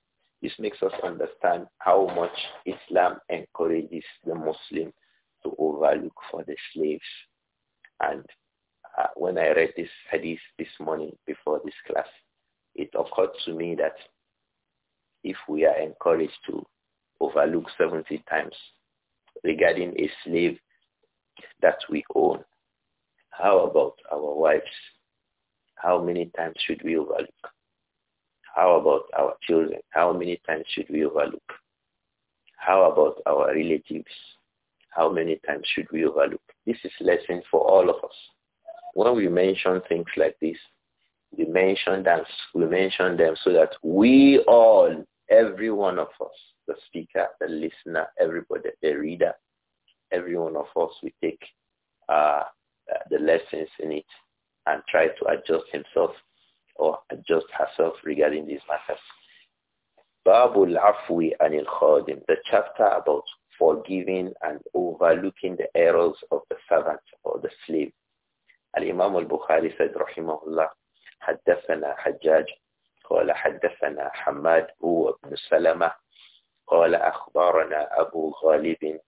This makes us understand how much Islam encourages the Muslim to overlook for the slaves. And uh, when I read this hadith this morning before this class, it occurred to me that if we are encouraged to overlook 70 times regarding a slave that we own. How about our wives? How many times should we overlook? How about our children? How many times should we overlook? How about our relatives? How many times should we overlook? This is lesson for all of us. When we mention things like this, we mention them, we mention them so that we all Every one of us, the speaker, the listener, everybody, the reader, every one of us, we take uh, uh, the lessons in it and try to adjust himself or adjust herself regarding these matters. Babul Afwi Anil Khadim, the chapter about forgiving and overlooking the errors of the servant or the slave. Al-Imam al-Bukhari said, "Rahimahullah, الله, حدثنا حجاج قال حدثنا حماد هو بن سلمة قال أخبرنا أبو غالب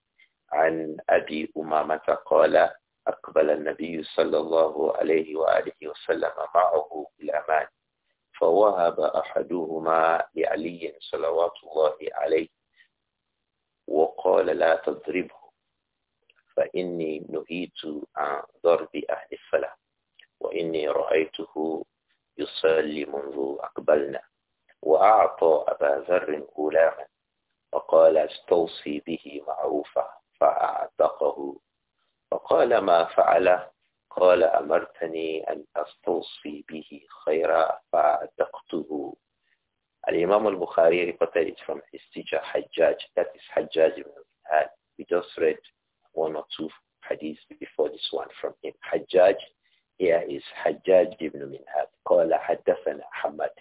عن أبي أمامة قال أقبل النبي صلى الله عليه وآله وسلم معه بالأمان فوهب أحدهما لعلي صلوات الله عليه وقال لا تضربه فإني نهيت عن ضرب أهل الفلاح وإني رأيته يصلي منذ أقبلنا وأعطى أبا ذر غلاما فقال استوصي به معروفا فأعتقه فقال ما فعل قال أمرتني أن أستوصي به خيرا فأعتقته الإمام البخاري reported it from his teacher Hajjaj that is Hajjaj ibn Hal we just read one or two hadiths before this one from him Hajjaj here is Hajjaj ibn Minhab قال حدثنا حماد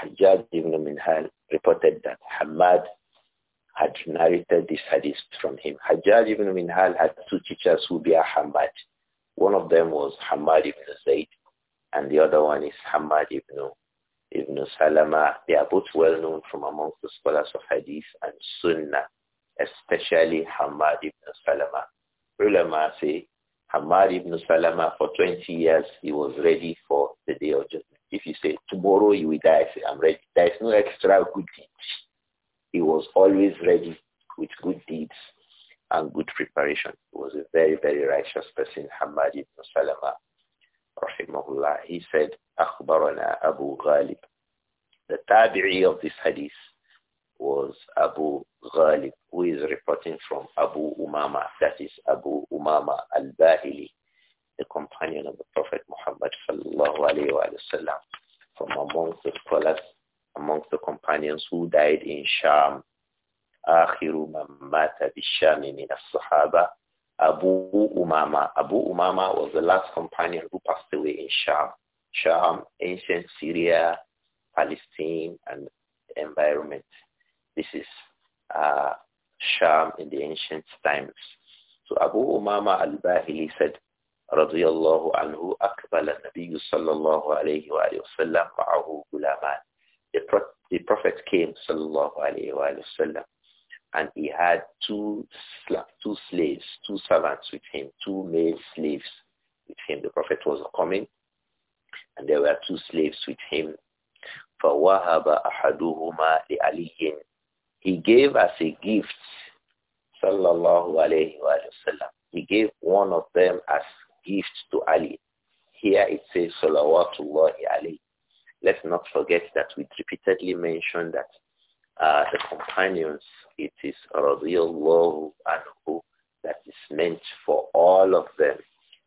Hajjaj ibn Minhal reported that Hamad had narrated this hadith from him. Hajjaj ibn Minhal had two teachers who be Hamad. One of them was Hamad ibn Zayd and the other one is Hamad ibn, ibn Salama. They are both well known from amongst the scholars of hadith and sunnah, especially Hamad ibn Salama. Ulama say Hamad ibn Salama for 20 years he was ready the day of judgment. If you say, tomorrow you will die, I say, I'm ready. There is no extra good deeds. He was always ready with good deeds and good preparation. He was a very, very righteous person, Hamad ibn Salama, rahimahullah. He said, أخبرنا Abu غالب. The tabi'i of this hadith was Abu Ghalib, who is reporting from Abu Umama, that is Abu Umama al-Bahili, the companion of the Prophet Muhammad sallallahu alayhi wa sallam from amongst the scholars, amongst the companions who died in Sham. آخر من مات بالشام من الصحابة Abu Umama. Abu Umama was the last companion who passed away in Sham. Sham, ancient Syria, Palestine, and environment. This is uh, Sham in the ancient times. So Abu Umama al-Bahili said, رضي الله عنه أقبل النبي صلى الله عليه وآله وسلم معه غلامان the prophet came صلى الله عليه وآله وسلم and he had two two slaves two servants with him two male slaves with him the prophet was coming and there were two slaves with him فوهب أحدهما لعلي he gave as a gift sallallahu He gave one of them as gift to Ali. Here it says, Salawatullahi Ali. Let's not forget that we repeatedly mentioned that uh, the companions, it is radiallahu anhu that is meant for all of them.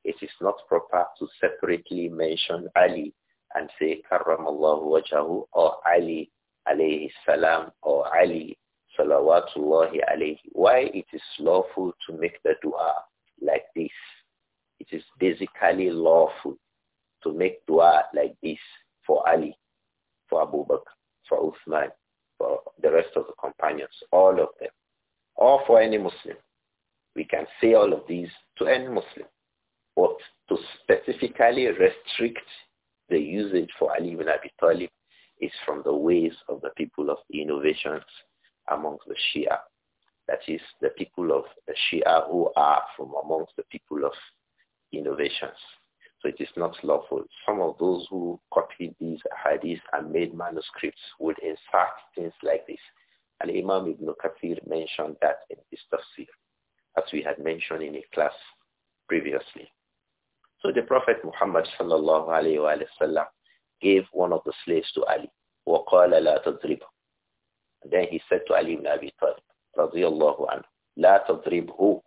It is not proper to separately mention Ali and say karramallahu wajahu or Ali alayhi salam or Ali salawatullahi alayhi. Why it is lawful to make the dua like this? it is basically lawful to make dua like this for Ali, for Abu Bakr, for Uthman, for the rest of the companions, all of them, or for any Muslim. We can say all of these to any Muslim, but to specifically restrict the usage for Ali ibn Abi Talib is from the ways of the people of the innovations amongst the Shia. That is the people of the Shia who are from amongst the people of innovations. So it is not lawful. Some of those who copied these hadiths and made manuscripts would insert things like this. And Imam Ibn Kathir mentioned that in his tafsir, as we had mentioned in a class previously. So the Prophet Muhammad sallallahu alayhi wa sallam gave one of the slaves to Ali. وَقَالَ لَا تَضْرِبْهُ and Then he said to Ali ibn Abi Talib, رضي الله عنه, لَا تَضْرِبْهُ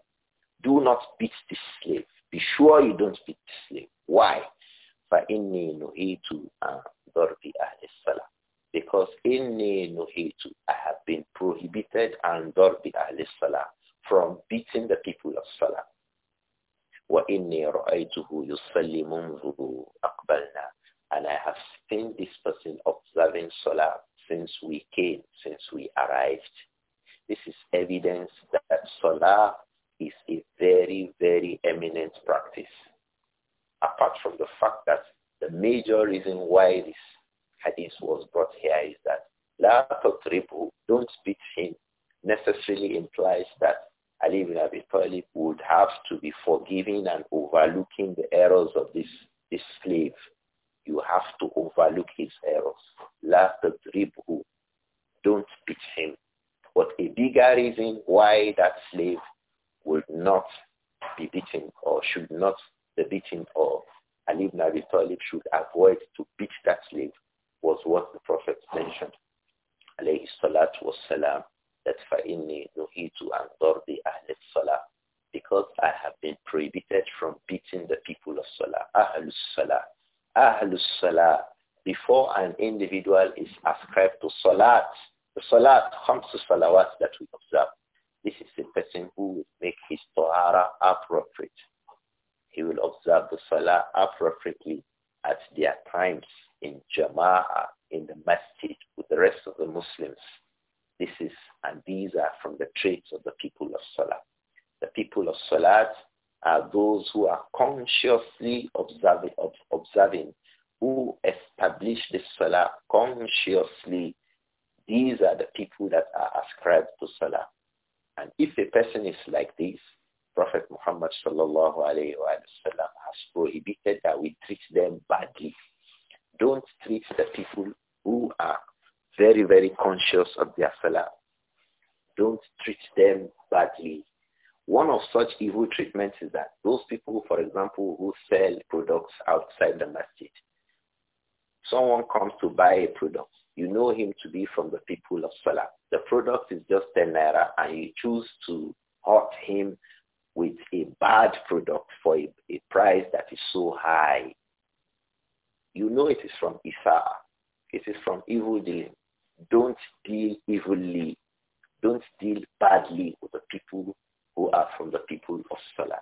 Do not beat this slave. Be sure you don't speak to sleep. Why? فَإِنِّي نُهِيتُ أَنْ ضَرْبِ أَهْلِ السَّلَةِ Because إِنِّي نُهِيتُ I have been prohibited and ضَرْبِ أَهْلِ السَّلَةِ from beating the people of Salah. وَإِنِّي رَأَيْتُهُ أَقْبَلْنَا And I have seen this person observing Salah since we came, since we arrived. This is evidence that Salah is a very, very eminent practice. Apart from the fact that the major reason why this hadith was brought here is that La Tatribu, don't beat him, necessarily implies that Ali ibn Abi Talib would have to be forgiving and overlooking the errors of this, this slave. You have to overlook his errors. La Tatribu, don't beat him. But a bigger reason why that slave would not be beaten or should not the beating of Ali ibn Abi Talib should avoid to beat that slave was what the Prophet mentioned. Alayhi salatu was salam that fa'inni nuhitu an dardi ahli salah because I have been prohibited from beating the people of salah. Ahlus salah. Ahlus salah. Before an individual is ascribed to salat, the salat comes to salawat that we observe. This is the person who will make his tahara appropriate. He will observe the salah appropriately at their times in jama'ah, in the masjid with the rest of the Muslims. This is, and these are from the traits of the people of Salah. The people of Salah are those who are consciously observing, observing who establish the Salah consciously. These are the people that are ascribed to Salah. And if a person is like this, Prophet Muhammad sallallahu alayhi wa sallam has prohibited that we treat them badly. Don't treat the people who are very, very conscious of their salah. Don't treat them badly. One of such evil treatments is that those people, for example, who sell products outside the masjid, someone comes to buy a product you know him to be from the people of Salah. The product is just 10 naira and you choose to hurt him with a bad product for a, a price that is so high. You know it is from Isa. It is from evil dealing. Don't deal evilly. Don't deal badly with the people who are from the people of Salah.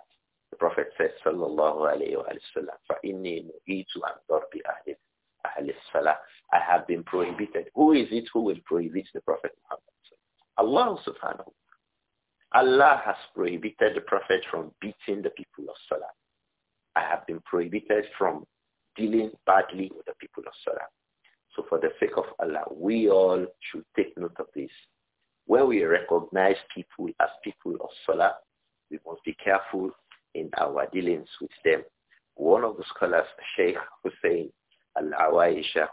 The Prophet said, Sallallahu Alaihi Wasallam, فَإِنِّي مُؤِيتُ عَنْ ضَرْبِ أَهْلِ الصَّلَاةِ I have been prohibited. Who is it who will prohibit the Prophet Muhammad? Allah subhanahu. Allah has prohibited the Prophet from beating the people of Salah. I have been prohibited from dealing badly with the people of Salah. So for the sake of Allah, we all should take note of this. When we recognize people as people of Salah, we must be careful in our dealings with them. One of the scholars, Sheikh Hussein Al-Awaisha,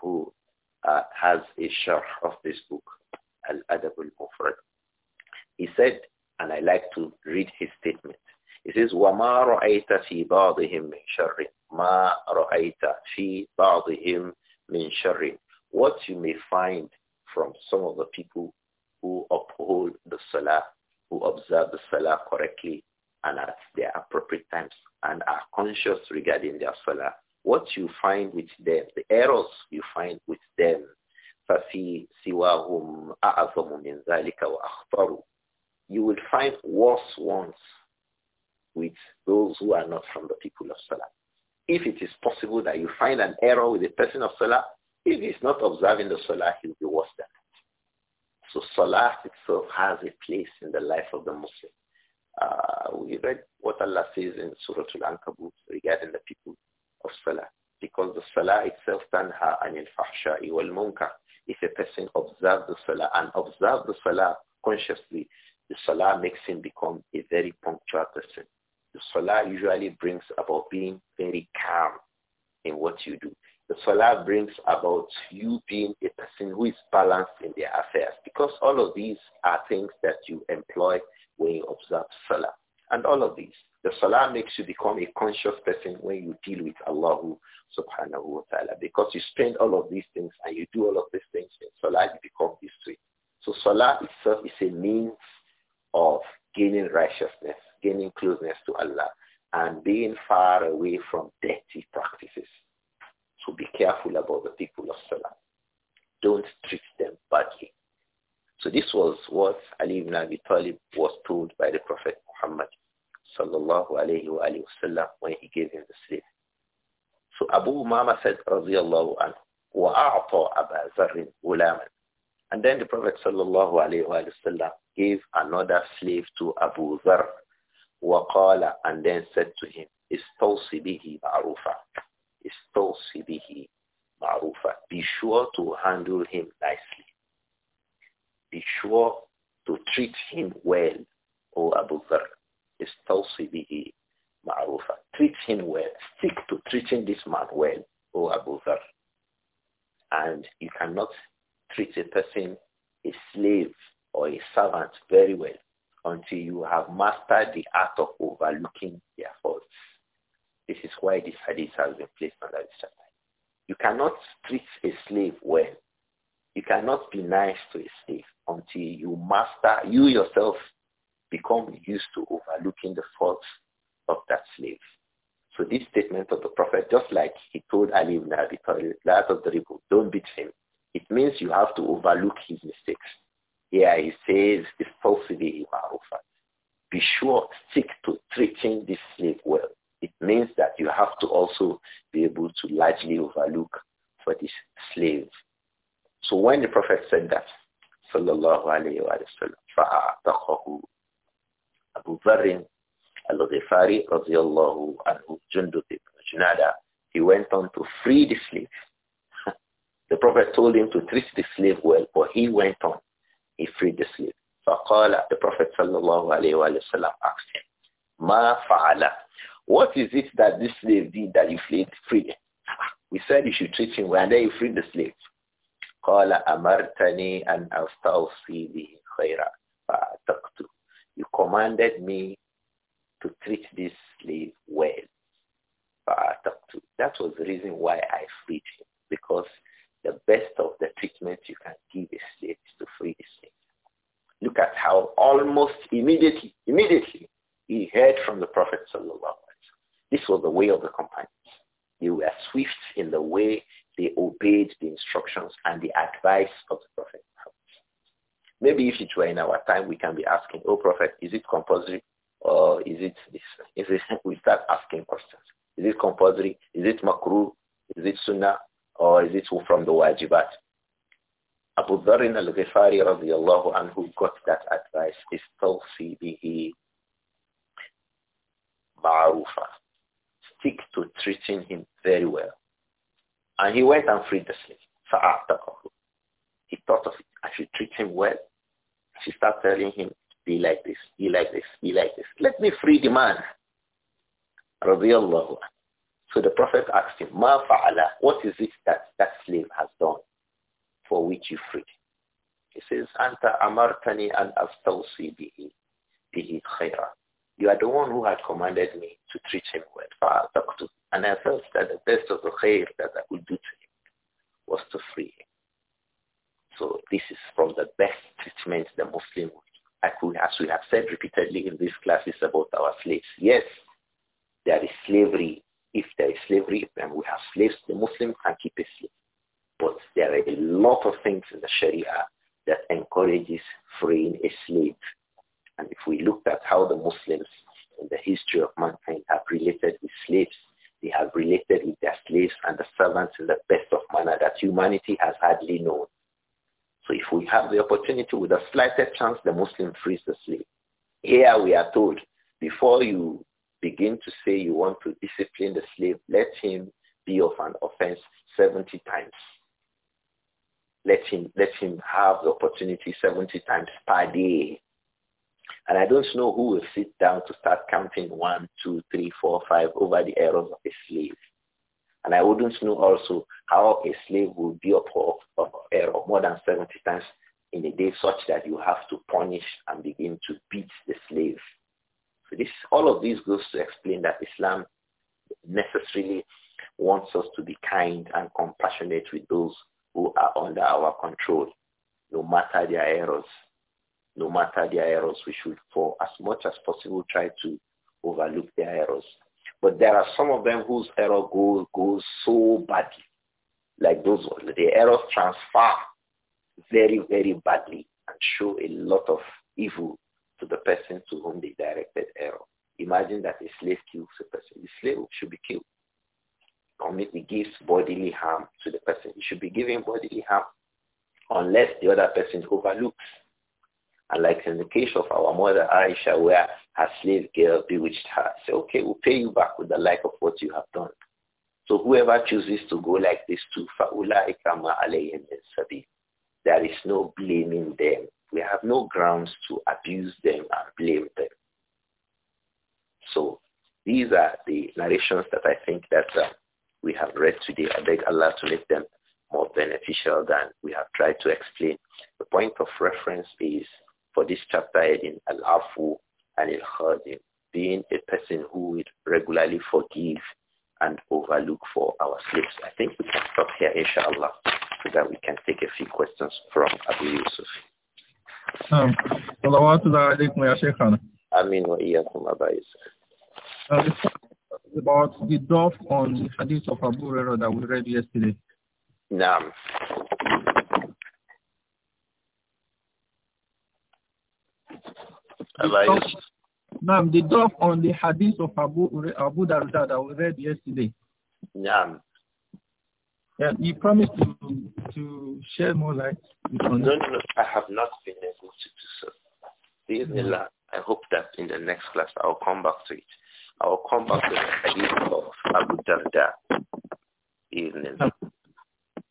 uh, has a sharh of this book, Al-Adab al-Mufrad. He said, and I like to read his statement. He says, وَمَا رَأَيْتَ فِي بَعْضِهِمْ مِنْ شَرٍ مَا رَأَيْتَ فِي بَعْضِهِمْ مِنْ شَرٍ What you may find from some of the people who uphold the Salah, who observe the Salah correctly and at their appropriate times and are conscious regarding their Salah, what you find with them, the errors you find with them, فَفِي سِوَاهُمْ أَعْظَمُ مِنْ ذَلِكَ وَأَخْطَرُ You will find worse ones with those who are not from the people of Salah. If it is possible that you find an error with a person of Salah, if he's not observing the Salah, he'll be worse than that. So Salah itself has a place in the life of the Muslim. Uh, we read what Allah says in Surah Al-Ankabut regarding the people of salah because the salah itself tanha anil fahsha'i wal munkar. If a person observes the salah and observes the salah consciously, the salah makes him become a very punctual person. The salah usually brings about being very calm in what you do. The salah brings about you being a person who is balanced in their affairs because all of these are things that you employ when you observe salah. And all of these, the salah makes you become a conscious person when you deal with Allah subhanahu wa ta'ala. Because you spend all of these things and you do all of these things in salah, you become this way. So salah itself is a means of gaining righteousness, gaining closeness to Allah, and being far away from dirty practices. So be careful about the people of salah. Don't treat them badly. So this was what Ali ibn Abi Talib was told by the Prophet sallallahu alayhi wa sallam when he gave him the slave. So Abu Umama said, radiallahu anhu, And then the Prophet sallallahu alayhi wa sallam gave another slave to Abu Dhar, And then said to him, إِسْتَوْصِ بِهِ مَعْرُوفًا إِسْتَوْصِ ma'rufa. Be sure to handle him nicely. Be sure to treat him well, O Abu Dhar told به معروفا treat him well stick to treating this man well O Abu Dhar and you cannot treat a person a slave or a servant very well until you have mastered the art of overlooking their faults. This is why this hadith has been placed under this chapter. You cannot treat a slave well. You cannot be nice to a slave until you master, you yourself become used to overlooking the faults of that slave. So this statement of the Prophet, just like he told Ali ibn Abi Talib, that of the people, don't beat him. It means you have to overlook his mistakes. Here yeah, he says, the falsity ma'rufat. Be sure, stick to treating this slave well. It means that you have to also be able to largely overlook for this slave. So when the Prophet said that, sallallahu alayhi wa sallam, Abu Dharr al-Ghifari radiallahu anhu Jundub ibn Junada, he went on to free the slave. the Prophet told him to treat the slave well, but he went on. He freed the slave. فقال, the Prophet sallallahu alayhi wa sallam asked him, ما فعل? What is it that this slave did that you freed him? We said you should treat him well, and then you freed the slave. قال أمرتني أن أستوصي به خيرا فأعتقته you commanded me to treat this slave well. That was the reason why I freed him, because the best of the treatment you can give a slave is to free the slave. Look at how almost immediately, immediately, he heard from the Prophet This was the way of the companions. They were swift in the way they obeyed the instructions and the advice of the Prophet. Maybe if it were in our time, we can be asking, oh Prophet, is it compulsory or is it this? it, we start asking questions. Is it compulsory? Is it makruh? Is it sunnah? Or is it from the wajibat? Abu Dharin al-Ghifari radiallahu anhu got that advice, istawsi bihi ma'rufa. Stick to treating him very well. And he went and freed the slave. He thought of it. I should treat him well. She starts telling him, be like this, be like this, be like this. Let me free the man. So the Prophet asked him, Ma fa'ala, what is it that that slave has done for which you freed? He says, Anta amartani an astawsi bihi, bihi khaira. You are the one who had commanded me to treat him well. And I felt that the best of the khair that I could do to him was to free him. So this is from the best treatment the Muslim I could, as we have said repeatedly in these classes about our slaves. Yes, there is slavery. If there is slavery and we have slaves, the Muslim can keep a slave. But there are a lot of things in the Sharia that encourages freeing a slave. And if we looked at how the Muslims in the history of mankind have related with slaves, they have related with their slaves and the servants in the best of manner that humanity has hardly known if we have the opportunity with the slightest chance, the Muslim frees the slave. Here we are told, before you begin to say you want to discipline the slave, let him be of an offense 70 times. Let him, let him have the opportunity 70 times per day. And I don't know who will sit down to start counting one, two, three, four, five over the errors of a slave. And I wouldn't know also how a slave will be up for, error eh, more than 70 times in a day such that you have to punish and begin to beat the slave. So this, all of this goes to explain that Islam necessarily wants us to be kind and compassionate with those who are under our control, no matter their errors. No matter their errors, we should, for as much as possible, try to overlook their errors. But there are some of them whose error goes, goes so badly, like those ones. The errors transfer very, very badly and show a lot of evil to the person to whom they directed error. Imagine that a slave kills a person. The slave should be killed. Or he gives bodily harm to the person. He should be giving bodily harm unless the other person overlooks and like in the case of our mother Aisha, where her slave girl bewitched her, say, okay, we'll pay you back with the like of what you have done. So whoever chooses to go like this to fa'ulaikama alayhim sabi, there is no blaming them. We have no grounds to abuse them and blame them. So these are the narrations that I think that uh, we have read today. I beg Allah to make them more beneficial than we have tried to explain. The point of reference is for this chapter heading, Al-Afu and Al-Khadim, being a person who would regularly forgive and overlook for our slips. I think we can stop here, inshallah, so that we can take a few questions from Abu Yusuf. Um, Amin wa iyakum, Abu Yusuf. Uh, about the dove on the hadith of Abu Hurairah that we read yesterday. Naam. The dove, the dove on the hadith of Abu, Abu Darda that we read yesterday. Yeah. Yeah, you promised to, to share more light. No, no, no, I have not been able to do so. Bismillah, mm I hope that in the next class I'll come back to it. I'll come back to the hadith of Abu Darda. Evening.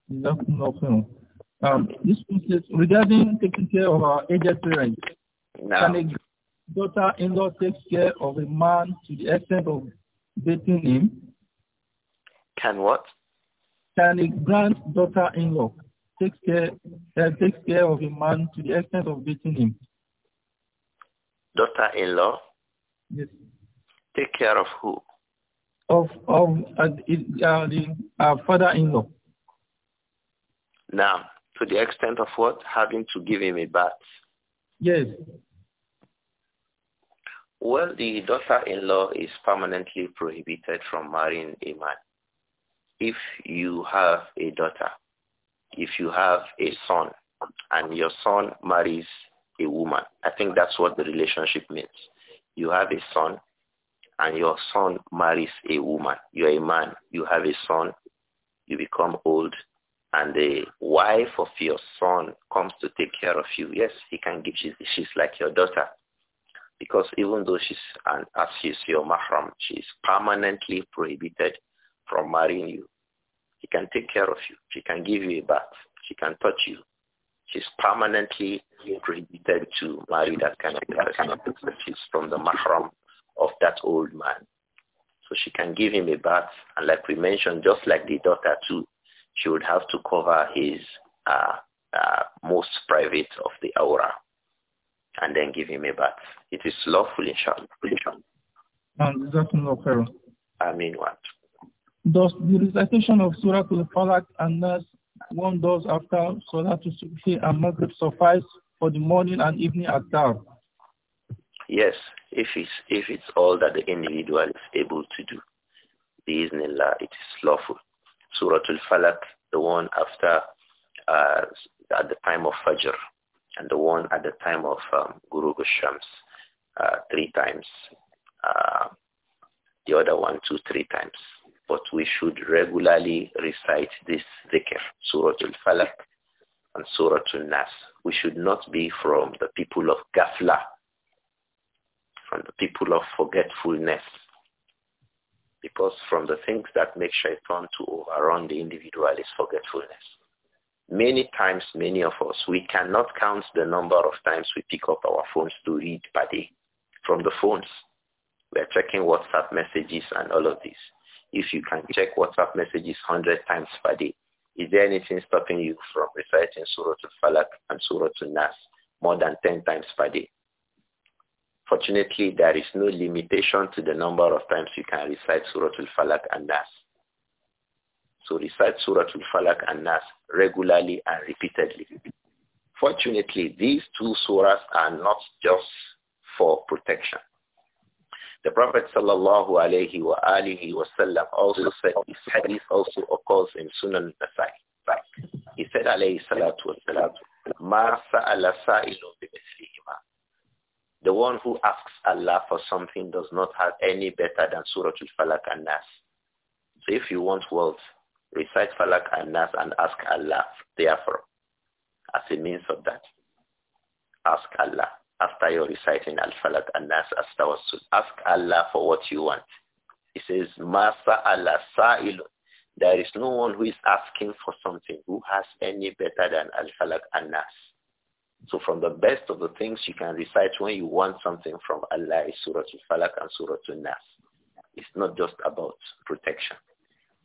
No, no, no. Um, this is regarding taking care of our aged parents. No. Can a daughter-in-law takes care of a man to the extent of dating him? Can what? Can a granddaughter-in-law takes care uh, takes care of a man to the extent of dating him? Daughter-in-law. Yes. Take care of who? Of of uh, uh, the uh, father-in-law. Now, to the extent of what having to give him a bath. Yes. Well, the daughter-in-law is permanently prohibited from marrying a man. If you have a daughter, if you have a son, and your son marries a woman, I think that's what the relationship means. You have a son, and your son marries a woman. You're a man, you have a son, you become old, and the wife of your son comes to take care of you. Yes, he can give, she's, she's like your daughter because even though she's, an, as she's your mahram, she's permanently prohibited from marrying you. She can take care of you. She can give you a bath. She can touch you. She's permanently prohibited to marry that kind of person. She's from the mahram of that old man. So she can give him a bath. And like we mentioned, just like the daughter too, she would have to cover his uh, uh, most private of the aura and then give him a bath. It is lawful, inshallah. inshallah. I mean what? Does the recitation of Surah Al-Falaq and Nas one does after Salah to Subhi and Maghrib suffice for the morning and evening adhkar? Yes, if it's, if it's all that the individual is able to do. Bismillah, it is lawful. Surah Al-Falaq, the one after uh, at the time of Fajr, and the one at the time of um, Guru Goswami's uh, three times, uh, the other one two, three times. But we should regularly recite this dhikr, Surah Al-Falaq and Surah Al-Nas. We should not be from the people of gafla, from the people of forgetfulness. Because from the things that make shaitan to overrun the individual is forgetfulness. Many times, many of us, we cannot count the number of times we pick up our phones to read per day from the phones. We're checking WhatsApp messages and all of this. If you can check WhatsApp messages 100 times per day, is there anything stopping you from reciting Surah Al-Falaq and Surah Al-Nas more than 10 times per day? Fortunately, there is no limitation to the number of times you can recite Surah Al-Falaq and Nas. So recite Surah Al-Falaq and Nas regularly and repeatedly. Fortunately, these two surahs are not just for protection. The Prophet sallallahu alayhi wa alihi also said this hadith also occurs in Sunan Nasai. He said alayhi salatu wasalam, ma sa'ala sa'ilun The one who asks Allah for something does not have any better than Surah Al-Falaq and Nas. So if you want wealth, Recite Falak and Nas and ask Allah therefore as a means of that. Ask Allah after you're reciting Al-Falak and Nas as tawassul. Ask Allah for what you want. He says, Masa Allah sa'ilun. There is no one who is asking for something who has any better than Al-Falak and Nas. So from the best of the things you can recite when you want something from Allah is Surah Al-Falak and Surah Al-Nas. It's not just about protection.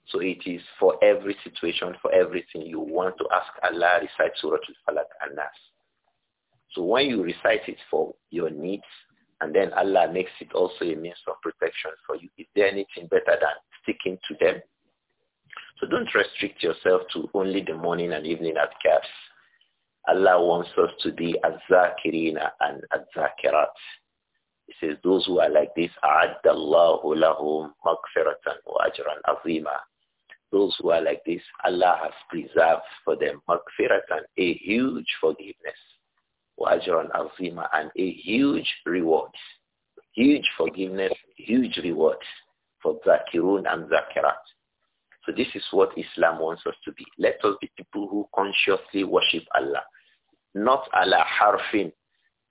So it is for every situation, for everything you want to ask Allah, recite Surah Al-Falaq and Nas. So when you recite it for your needs, and then Allah makes it also a means of protection for you. Is there anything better than sticking to them? So don't restrict yourself to only the morning and evening adhkars. Allah wants us to be azakirina and azakirat. He says, those who are like this, أَعَدَّ اللَّهُ لَهُمْ مَغْفِرَةً وَأَجْرًا عَظِيمًا those who are like this, Allah has preserved for them maghfiratan, a huge forgiveness. Wajran azima, and a huge reward. Huge forgiveness, huge reward for zakirun and zakirat. So this is what Islam wants us to be. Let us be people who consciously worship Allah. Not Allah harfin.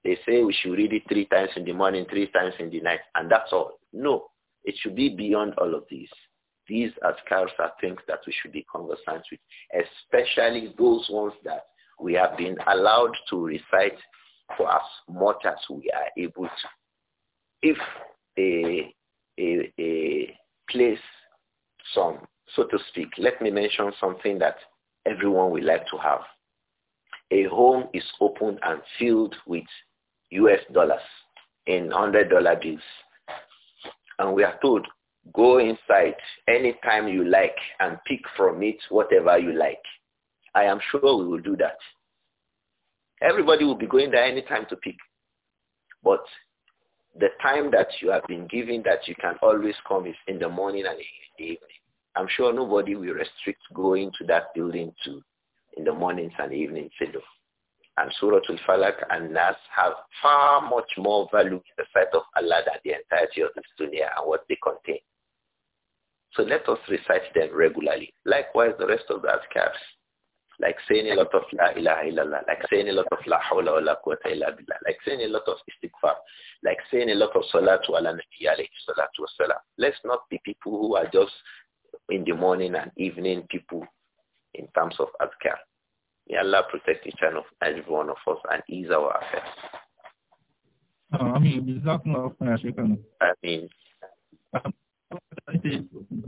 They say we should read it three times in the morning, three times in the night, and that's all. No, it should be beyond all of these. These cars, are things that we should be conversant with, especially those ones that we have been allowed to recite for as much as we are able to. If a, a, a place song, so to speak, let me mention something that everyone will like to have. A home is open and filled with US dollars in $100 bills. And we are told Go inside anytime you like and pick from it whatever you like. I am sure we will do that. Everybody will be going there anytime to pick. But the time that you have been given that you can always come is in the morning and in the evening. I'm sure nobody will restrict going to that building to in the mornings and evenings. And Surah Al-Falak and Nas have far much more value in the sight of Allah than the entirety of this dunya and what they contain. So let us recite them regularly. Likewise, the rest of the adhkars, like saying a lot of la ilaha illallah, like saying a lot of la hawla wa la quwwata illa billah, like saying a lot of istighfar, like saying a lot of salatu ala nabi alayhi salatu wa salam. Let's not be people who are just in the morning and evening people in terms of adhkar. May Allah protect each and every one of us and ease our affairs. I mean,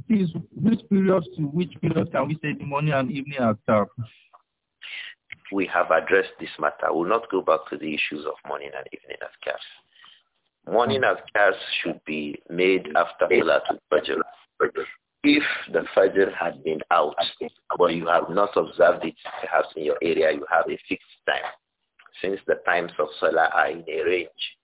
Please, which periods to which periods can we say the morning and evening are served? We have addressed this matter. We'll not go back to the issues of morning and evening cash. Morning cash should be made after to Fajr. If the Fajr had been out, but you have not observed it, perhaps in your area you have a fixed time. Since the times of Salah are in a range,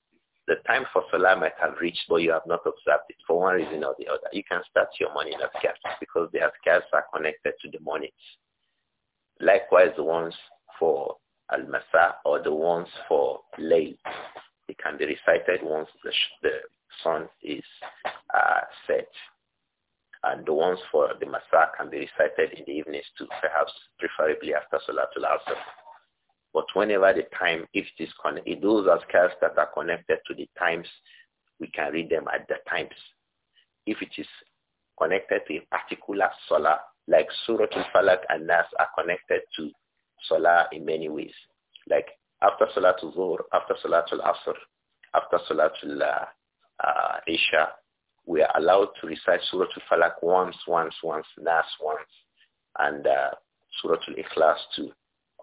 the time for Salah might have reached, but you have not observed it for one reason or the other. You can start your money the afkars because the afkars are connected to the monies. Likewise, the ones for Al-Masa or the ones for Layl. They can be recited once the, the sun is uh, set. And the ones for the Masa can be recited in the evenings too, perhaps preferably after Salatul Asr. But whenever the time, if it is connected, those askars that are connected to the times, we can read them at the times. If it is connected to a particular solar, like Surah Al-Falaq and Nas are connected to solar in many ways. Like after to Zuhr, after to Asr, after Salatul uh, uh, Isha, we are allowed to recite Surah Al-Falaq once, once, once, Nas once, and uh, Surah Al-Ikhlas too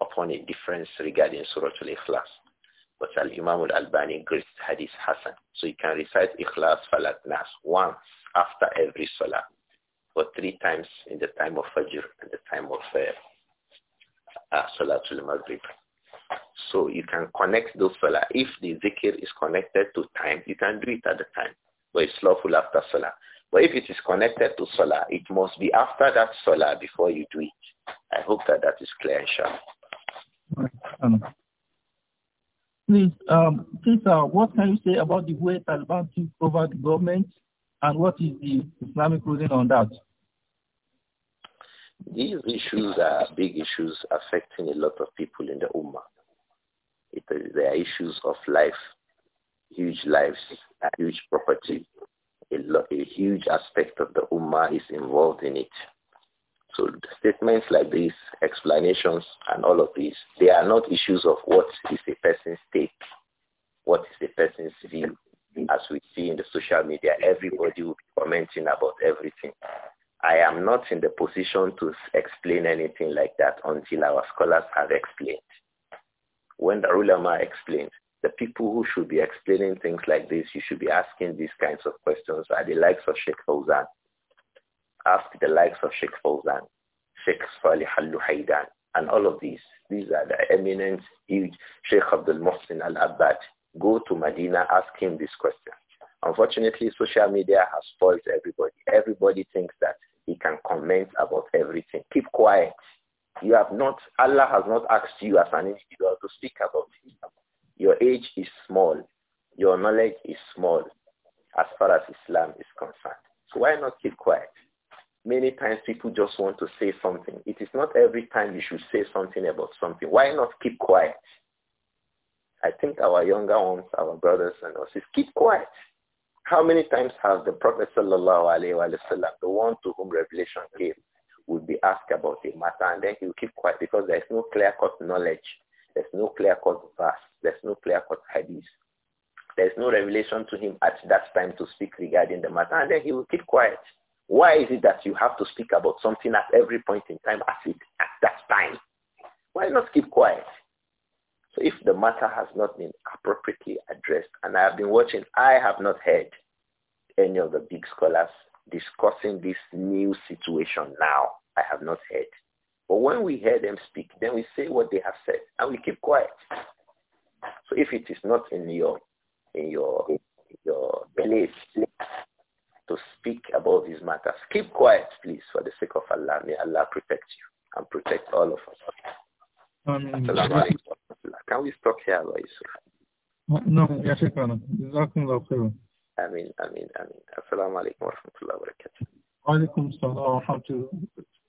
upon a difference regarding Surah Al-Ikhlas. But Al-Imam Al-Albani grades Hadith Hassan. So you can recite Ikhlas Falat Nas once after every Salah, or three times in the time of Fajr and the time of uh, uh, Salatul Maghrib. So you can connect those Salah. If the zikr is connected to time, you can do it at the time. But it's lawful after Salah. But if it is connected to Salah, it must be after that Salah before you do it. I hope that that is clear, and sharp. Um, please, um, please, uh, what can you say about the way Taliban took over the government, and what is the Islamic ruling on that? These issues are big issues affecting a lot of people in the Ummah. It, there are issues of life, huge lives, huge property. A, a huge aspect of the Ummah is involved in it. So statements like these, explanations and all of these, they are not issues of what is a person's take, what is a person's view. As we see in the social media, everybody will be commenting about everything. I am not in the position to explain anything like that until our scholars have explained. When the ulama explained, the people who should be explaining things like this, you should be asking these kinds of questions are the likes of Sheikh Fauzan, Ask the likes of Sheikh Fawzan, Sheikh Salih al-Luhaydan, and all of these. These are the eminent, huge Sheikh Abdul Muhsin al-Abbad. Go to Medina, ask him this question. Unfortunately, social media has spoiled everybody. Everybody thinks that he can comment about everything. Keep quiet. You have not, Allah has not asked you as an individual to speak about it. Your age is small. Your knowledge is small as far as Islam is concerned. So why not keep quiet? Many times people just want to say something. It is not every time you should say something about something. Why not keep quiet? I think our younger ones, our brothers and us, sisters, keep quiet. How many times has the Prophet sallallahu alaihi wasallam, the one to whom revelation came, would be asked about a matter and then he will keep quiet because there is no clear-cut knowledge. There's no clear-cut verse. There's no clear-cut hadith. There's no revelation to him at that time to speak regarding the matter and then he will keep quiet. Why is it that you have to speak about something at every point in time as it at that time? Why not keep quiet? So if the matter has not been appropriately addressed, and I have been watching, I have not heard any of the big scholars discussing this new situation now. I have not heard. But when we hear them speak, then we say what they have said, and we keep quiet. So if it is not in your in your in your belief to speak about these matters. Keep quiet, please, for the sake of Allah. May Allah protect you and protect all of us. Um, Can we stop here, Abba Yusuf? No, Yashikana. Jazakumullah khairan. Ameen, ameen, ameen. Assalamu alaikum wa rahmatullahi wa barakatuh. Wa alaikum salam wa rahmatullahi wa barakatuh.